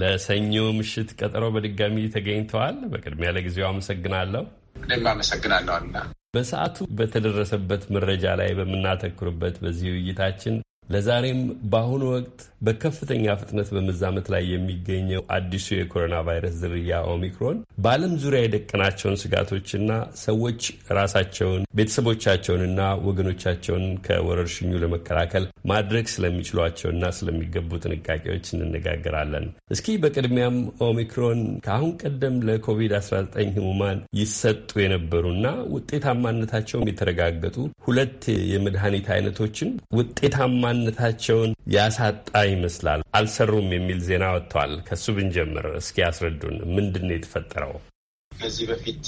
ለሰኞ ምሽት ቀጠሮ በድጋሚ ተገኝተዋል። በቅድሚያ ለጊዜው አመሰግናለሁ። እኔም አመሰግናለሁ አሉላ። በሰዓቱ በተደረሰበት መረጃ ላይ በምናተኩርበት በዚህ ውይይታችን ለዛሬም በአሁኑ ወቅት በከፍተኛ ፍጥነት በመዛመት ላይ የሚገኘው አዲሱ የኮሮና ቫይረስ ዝርያ ኦሚክሮን በዓለም ዙሪያ የደቀናቸውን ስጋቶችና ሰዎች ራሳቸውን ቤተሰቦቻቸውንና ወገኖቻቸውን ከወረርሽኙ ለመከላከል ማድረግ ስለሚችሏቸውና ስለሚገቡ ጥንቃቄዎች እንነጋገራለን። እስኪ በቅድሚያም ኦሚክሮን ከአሁን ቀደም ለኮቪድ-19 ህሙማን ይሰጡ የነበሩና ውጤታማነታቸውም የተረጋገጡ ሁለት የመድኃኒት አይነቶችን ውጤታማ ማንነታቸውን ያሳጣ ይመስላል አልሰሩም የሚል ዜና ወጥቷል። ከሱ ብንጀምር እስኪ ያስረዱን፣ ምንድን ነው የተፈጠረው? ከዚህ በፊት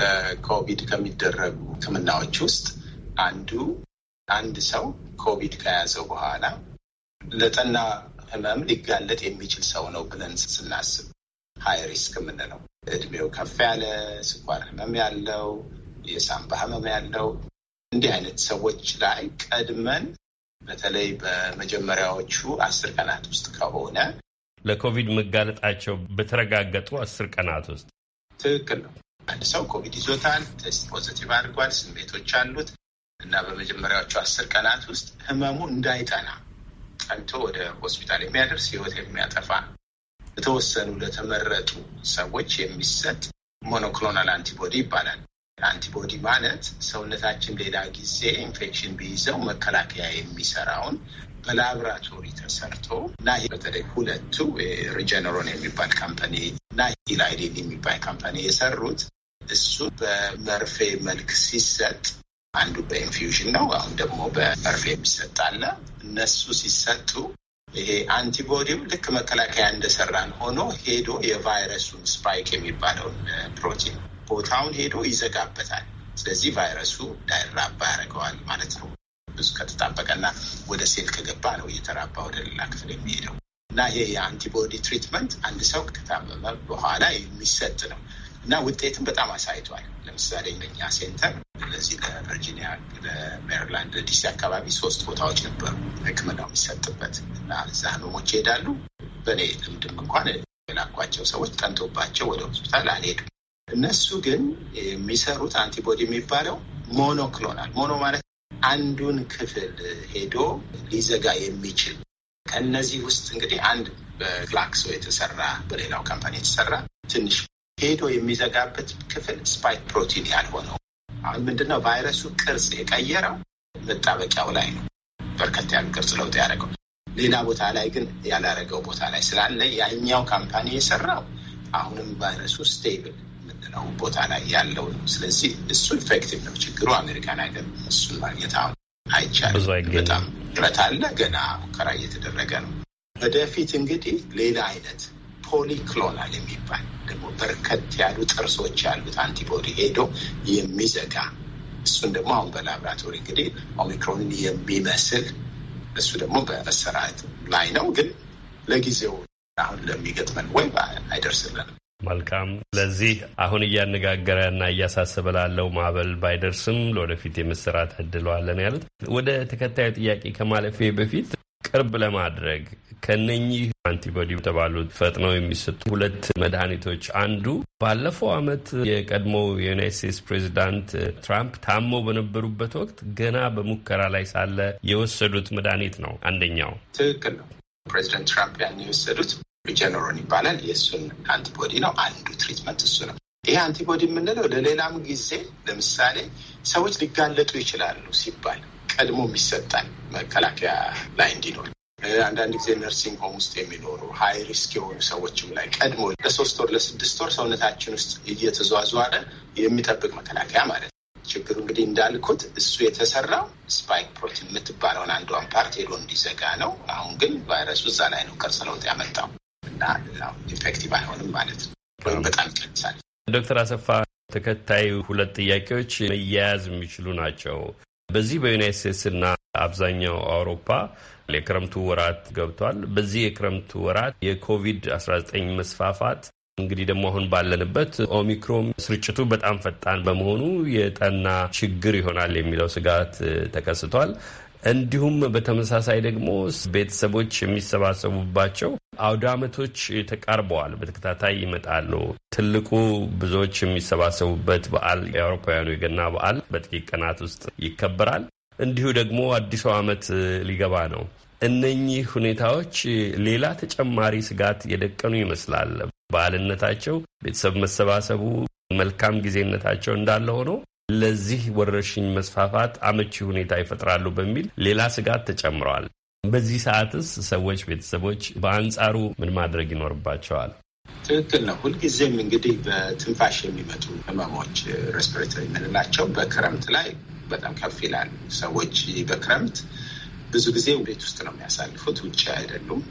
ለኮቪድ ከሚደረጉ ሕክምናዎች ውስጥ አንዱ አንድ ሰው ኮቪድ ከያዘው በኋላ ለጠና ህመም ሊጋለጥ የሚችል ሰው ነው ብለን ስናስብ ሀይ ሪስክ የምንለው እድሜው ከፍ ያለ፣ ስኳር ህመም ያለው፣ የሳምባ ህመም ያለው እንዲህ አይነት ሰዎች ላይ ቀድመን በተለይ በመጀመሪያዎቹ አስር ቀናት ውስጥ ከሆነ ለኮቪድ መጋለጣቸው በተረጋገጡ አስር ቀናት ውስጥ ትክክል ነው። አንድ ሰው ኮቪድ ይዞታል፣ ቴስት ፖዘቲቭ አድርጓል፣ ስሜቶች አሉት እና በመጀመሪያዎቹ አስር ቀናት ውስጥ ህመሙ እንዳይጠና ጠንቶ ወደ ሆስፒታል የሚያደርስ ህይወት የሚያጠፋ የተወሰኑ ለተመረጡ ሰዎች የሚሰጥ ሞኖክሎናል አንቲቦዲ ይባላል። አንቲቦዲ ማለት ሰውነታችን ሌላ ጊዜ ኢንፌክሽን ቢይዘው መከላከያ የሚሰራውን በላብራቶሪ ተሰርቶ እና በተለይ ሁለቱ ሪጀነሮን የሚባል ካምፓኒ እና ኢላይዴን የሚባል ካምፓኒ የሰሩት እሱ በመርፌ መልክ ሲሰጥ አንዱ በኢንፊውዥን ነው። አሁን ደግሞ በመርፌ የሚሰጥ አለ። እነሱ ሲሰጡ ይሄ አንቲቦዲው ልክ መከላከያ እንደሰራን ሆኖ ሄዶ የቫይረሱን ስፓይክ የሚባለውን ፕሮቲን ቦታውን ሄዶ ይዘጋበታል። ስለዚህ ቫይረሱ እንዳይራባ ያደርገዋል ማለት ነው። ብዙ ከተጣበቀና ወደ ሴል ከገባ ነው እየተራባ ወደ ሌላ ክፍል የሚሄደው እና ይሄ የአንቲቦዲ ትሪትመንት አንድ ሰው ከታመመ በኋላ የሚሰጥ ነው እና ውጤትን በጣም አሳይቷል። ለምሳሌ እኛ ሴንተር ለዚህ ለቨርጂኒያ፣ ለሜሪላንድ፣ ዲሲ አካባቢ ሶስት ቦታዎች ነበሩ ሕክምናው የሚሰጥበት እና እዛ ህመሞች ይሄዳሉ። በእኔ ልምድም እንኳን የላኳቸው ሰዎች ጠንቶባቸው ወደ ሆስፒታል አልሄዱም። እነሱ ግን የሚሰሩት አንቲቦዲ የሚባለው ሞኖክሎናል ሞኖ ማለት አንዱን ክፍል ሄዶ ሊዘጋ የሚችል ከእነዚህ ውስጥ እንግዲህ አንድ በግላክሶ የተሰራ በሌላው ካምፓኒ የተሰራ ትንሽ ሄዶ የሚዘጋበት ክፍል ስፓይክ ፕሮቲን ያልሆነው አሁን ምንድነው ቫይረሱ ቅርጽ የቀየረው መጣበቂያው ላይ ነው። በርከት ያሉ ቅርጽ ለውጥ ያደረገው ሌላ ቦታ ላይ ግን ያላረገው ቦታ ላይ ስላለ ያኛው ካምፓኒ የሰራው አሁንም ቫይረሱ ስቴብል ነው ቦታ ላይ ያለው ስለዚህ እሱ ኢፌክቲቭ ነው። ችግሩ አሜሪካን ሀገር እሱን ማግኘት አሁን አይቻልም። በጣም ጥረት አለ፣ ገና ሙከራ እየተደረገ ነው። ወደፊት እንግዲህ ሌላ አይነት ፖሊክሎናል የሚባል ደግሞ በርከት ያሉ ጥርሶች ያሉት አንቲቦዲ ሄዶ የሚዘጋ እሱን ደግሞ አሁን በላብራቶሪ እንግዲህ ኦሚክሮንን የሚመስል እሱ ደግሞ በመሰራት ላይ ነው። ግን ለጊዜው አሁን ለሚገጥመን ወይም አይደርስልንም። መልካም። ለዚህ አሁን እያነጋገረ እያነጋገረና እያሳሰበ ላለው ማዕበል ባይደርስም ለወደፊት የመሰራት እድለዋለን አለን ያሉት፣ ወደ ተከታዩ ጥያቄ ከማለፌ በፊት ቅርብ ለማድረግ ከነኚህ አንቲቦዲ የተባሉት ፈጥነው የሚሰጡ ሁለት መድኃኒቶች አንዱ ባለፈው ዓመት የቀድሞ የዩናይት ስቴትስ ፕሬዚዳንት ትራምፕ ታመው በነበሩበት ወቅት ገና በሙከራ ላይ ሳለ የወሰዱት መድኃኒት ነው። አንደኛው ትክክል ነው። ፕሬዚደንት ትራምፕ ያን የወሰዱት ሪጀነሮን ይባላል። የእሱን አንቲቦዲ ነው አንዱ ትሪትመንት እሱ ነው። ይሄ አንቲቦዲ የምንለው ለሌላም ጊዜ ለምሳሌ ሰዎች ሊጋለጡ ይችላሉ ሲባል ቀድሞ የሚሰጣል መከላከያ ላይ እንዲኖር አንዳንድ ጊዜ ነርሲንግ ሆም ውስጥ የሚኖሩ ሀይ ሪስክ የሆኑ ሰዎችም ላይ ቀድሞ ለሶስት ወር ለስድስት ወር ሰውነታችን ውስጥ እየተዟዟረ የሚጠብቅ መከላከያ ማለት ነው። ችግሩ እንግዲህ እንዳልኩት እሱ የተሰራው ስፓይክ ፕሮቲን የምትባለውን አንዷን ፓርት ሄዶ እንዲዘጋ ነው። አሁን ግን ቫይረሱ እዛ ላይ ነው ቅርጽ ለውጥ ያመጣው። እና ኢፌክቲቭ አይሆንም ማለት ነው፣ ወይም በጣም ይቀንሳል። ዶክተር አሰፋ ተከታዩ ሁለት ጥያቄዎች መያያዝ የሚችሉ ናቸው። በዚህ በዩናይት ስቴትስና አብዛኛው አውሮፓ የክረምቱ ወራት ገብቷል። በዚህ የክረምቱ ወራት የኮቪድ-19 መስፋፋት እንግዲህ ደግሞ አሁን ባለንበት ኦሚክሮን ስርጭቱ በጣም ፈጣን በመሆኑ የጠና ችግር ይሆናል የሚለው ስጋት ተከስቷል። እንዲሁም በተመሳሳይ ደግሞ ቤተሰቦች የሚሰባሰቡባቸው አውደ ዓመቶች ተቃርበዋል። በተከታታይ ይመጣሉ። ትልቁ ብዙዎች የሚሰባሰቡበት በዓል የአውሮፓውያኑ የገና በዓል በጥቂት ቀናት ውስጥ ይከበራል። እንዲሁ ደግሞ አዲሱ ዓመት ሊገባ ነው። እነኚህ ሁኔታዎች ሌላ ተጨማሪ ስጋት የደቀኑ ይመስላል። በዓልነታቸው ቤተሰብ መሰባሰቡ መልካም ጊዜነታቸው እንዳለ ሆኖ ለዚህ ወረርሽኝ መስፋፋት አመቺ ሁኔታ ይፈጥራሉ በሚል ሌላ ስጋት ተጨምረዋል። በዚህ ሰዓትስ ሰዎች፣ ቤተሰቦች በአንጻሩ ምን ማድረግ ይኖርባቸዋል? ትክክል ነው። ሁልጊዜም እንግዲህ በትንፋሽ የሚመጡ ህመሞች ሬስፒሬተሪ የምንላቸው በክረምት ላይ በጣም ከፍ ይላል። ሰዎች በክረምት ብዙ ጊዜ ቤት ውስጥ ነው የሚያሳልፉት፣ ውጭ አይደሉም።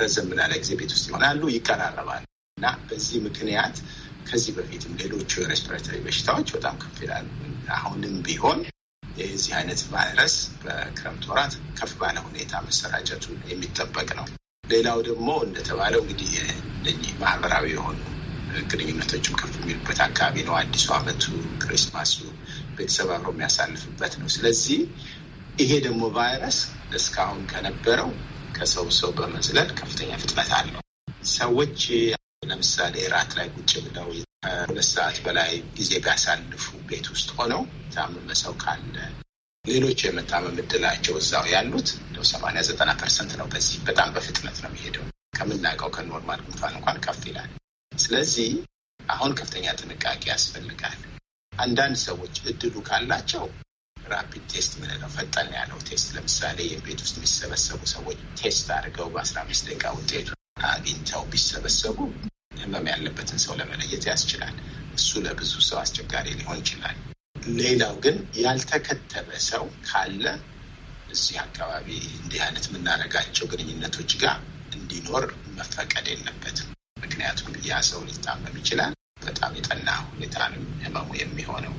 ረዘም ላለ ጊዜ ቤት ውስጥ ይሆናሉ፣ ይቀራረባል እና በዚህ ምክንያት ከዚህ በፊትም ሌሎቹ የሬስፒሬተሪ በሽታዎች በጣም ከፍ ይላሉ። አሁንም ቢሆን የዚህ አይነት ቫይረስ በክረምት ወራት ከፍ ባለ ሁኔታ መሰራጨቱ የሚጠበቅ ነው። ሌላው ደግሞ እንደተባለው እንግዲህ እነዚህ ማህበራዊ የሆኑ ግንኙነቶችም ከፍ የሚሉበት አካባቢ ነው። አዲሱ ዓመቱ፣ ክሪስማሱ ቤተሰብ አብሮ የሚያሳልፍበት ነው። ስለዚህ ይሄ ደግሞ ቫይረስ እስካሁን ከነበረው ከሰው ሰው በመዝለል ከፍተኛ ፍጥነት አለው። ሰዎች ለምሳሌ ራት ላይ ቁጭ ብለው ሁለት ሰዓት በላይ ጊዜ ቢያሳልፉ ቤት ውስጥ ሆነው ታመመ ሰው ካለ ሌሎች የመታመም እድላቸው እዛው ያሉት እንደው ሰማንያ ዘጠና ፐርሰንት ነው። በዚህ በጣም በፍጥነት ነው የሚሄደው ከምናውቀው ከኖርማል ጉንፋን እንኳን ከፍ ይላል። ስለዚህ አሁን ከፍተኛ ጥንቃቄ ያስፈልጋል። አንዳንድ ሰዎች እድሉ ካላቸው ራፒድ ቴስት ምንለው ፈጠን ያለው ቴስት ለምሳሌ የቤት ውስጥ የሚሰበሰቡ ሰዎች ቴስት አድርገው በአስራ አምስት ደቂቃ ውጤቱ አግኝተው ቢሰበሰቡ ህመም ያለበትን ሰው ለመለየት ያስችላል። እሱ ለብዙ ሰው አስቸጋሪ ሊሆን ይችላል። ሌላው ግን ያልተከተበ ሰው ካለ እዚህ አካባቢ እንዲህ አይነት የምናደርጋቸው ግንኙነቶች ጋር እንዲኖር መፈቀድ የለበትም። ምክንያቱም ያ ሰው ሊታመም ይችላል። በጣም የጠና ሁኔታ ህመሙ የሚሆነው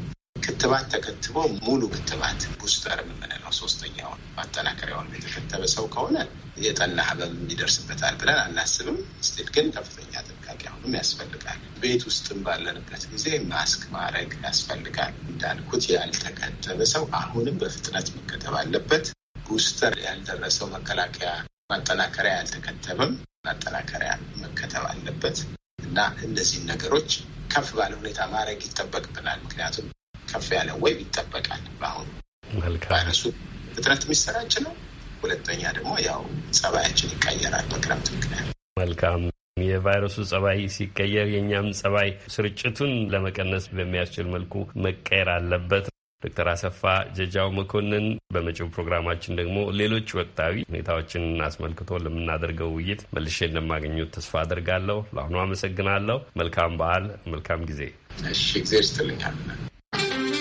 ክትባት ተከትቦ ሙሉ ክትባት ቡስተር የምንለው ሶስተኛውን ማጠናከሪያውን የተከተበ ሰው ከሆነ የጠና ህመም ይደርስበታል ብለን አናስብም። ስቲል ግን ከፍተኛ ጥንቃቄ አሁንም ያስፈልጋል። ቤት ውስጥም ባለንበት ጊዜ ማስክ ማድረግ ያስፈልጋል። እንዳልኩት ያልተከተበ ሰው አሁንም በፍጥነት መከተብ አለበት። ቡስተር ያልደረሰው መከላከያ ማጠናከሪያ ያልተከተበም ማጠናከሪያ መከተብ አለበት እና እነዚህን ነገሮች ከፍ ባለ ሁኔታ ማድረግ ይጠበቅብናል ምክንያቱም ከፍ ያለ ወይብ ይጠበቃል። በአሁኑ ቫይረሱ ፍጥነት የሚሰራጭ ነው። ሁለተኛ ደግሞ ያው ጸባያችን ይቀየራል በክረምት ምክንያት። መልካም የቫይረሱ ጸባይ ሲቀየር የእኛም ጸባይ ስርጭቱን ለመቀነስ በሚያስችል መልኩ መቀየር አለበት። ዶክተር አሰፋ ጀጃው መኮንን፣ በመጪው ፕሮግራማችን ደግሞ ሌሎች ወቅታዊ ሁኔታዎችን አስመልክቶ ለምናደርገው ውይይት መልሼ እንደማገኙት ተስፋ አድርጋለሁ። ለአሁኑ አመሰግናለሁ። መልካም በዓል፣ መልካም ጊዜ። እሺ፣ ጊዜ Thank you.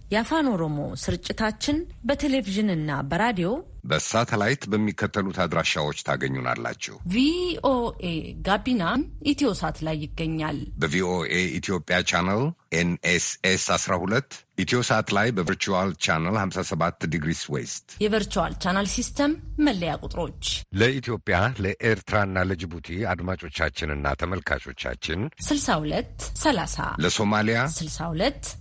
የአፋን ኦሮሞ ስርጭታችን በቴሌቪዥንና በራዲዮ በሳተላይት በሚከተሉት አድራሻዎች ታገኙናላችሁ። ቪኦኤ ጋቢናም ሳት ላይ ይገኛል። በቪኦኤ ኢትዮጵያ ቻናል ኤንኤስኤስ 12 ሳት ላይ በቨርቹዋል ቻናል 57 ዲግሪስ ዌስት የቨርቹዋል ቻናል ሲስተም መለያ ቁጥሮች ለኢትዮጵያ ለኤርትራና ለጅቡቲ አድማጮቻችንና ተመልካቾቻችን 62 30 ለሶማሊያ 62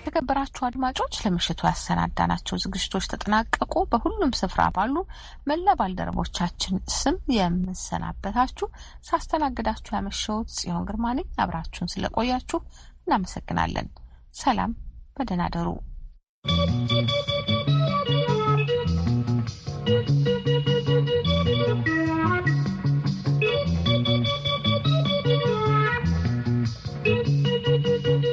የተከበራችሁ አድማጮች ለምሽቱ ያሰናዳናቸው ዝግጅቶች ተጠናቀቁ። በሁሉም ስፍራ ባሉ መላ ባልደረቦቻችን ስም የምሰናበታችሁ ሳስተናግዳችሁ ያመሸሁት ጽዮን ግርማ ነኝ። አብራችሁን ስለቆያችሁ እናመሰግናለን። ሰላም፣ በደህና ደሩ።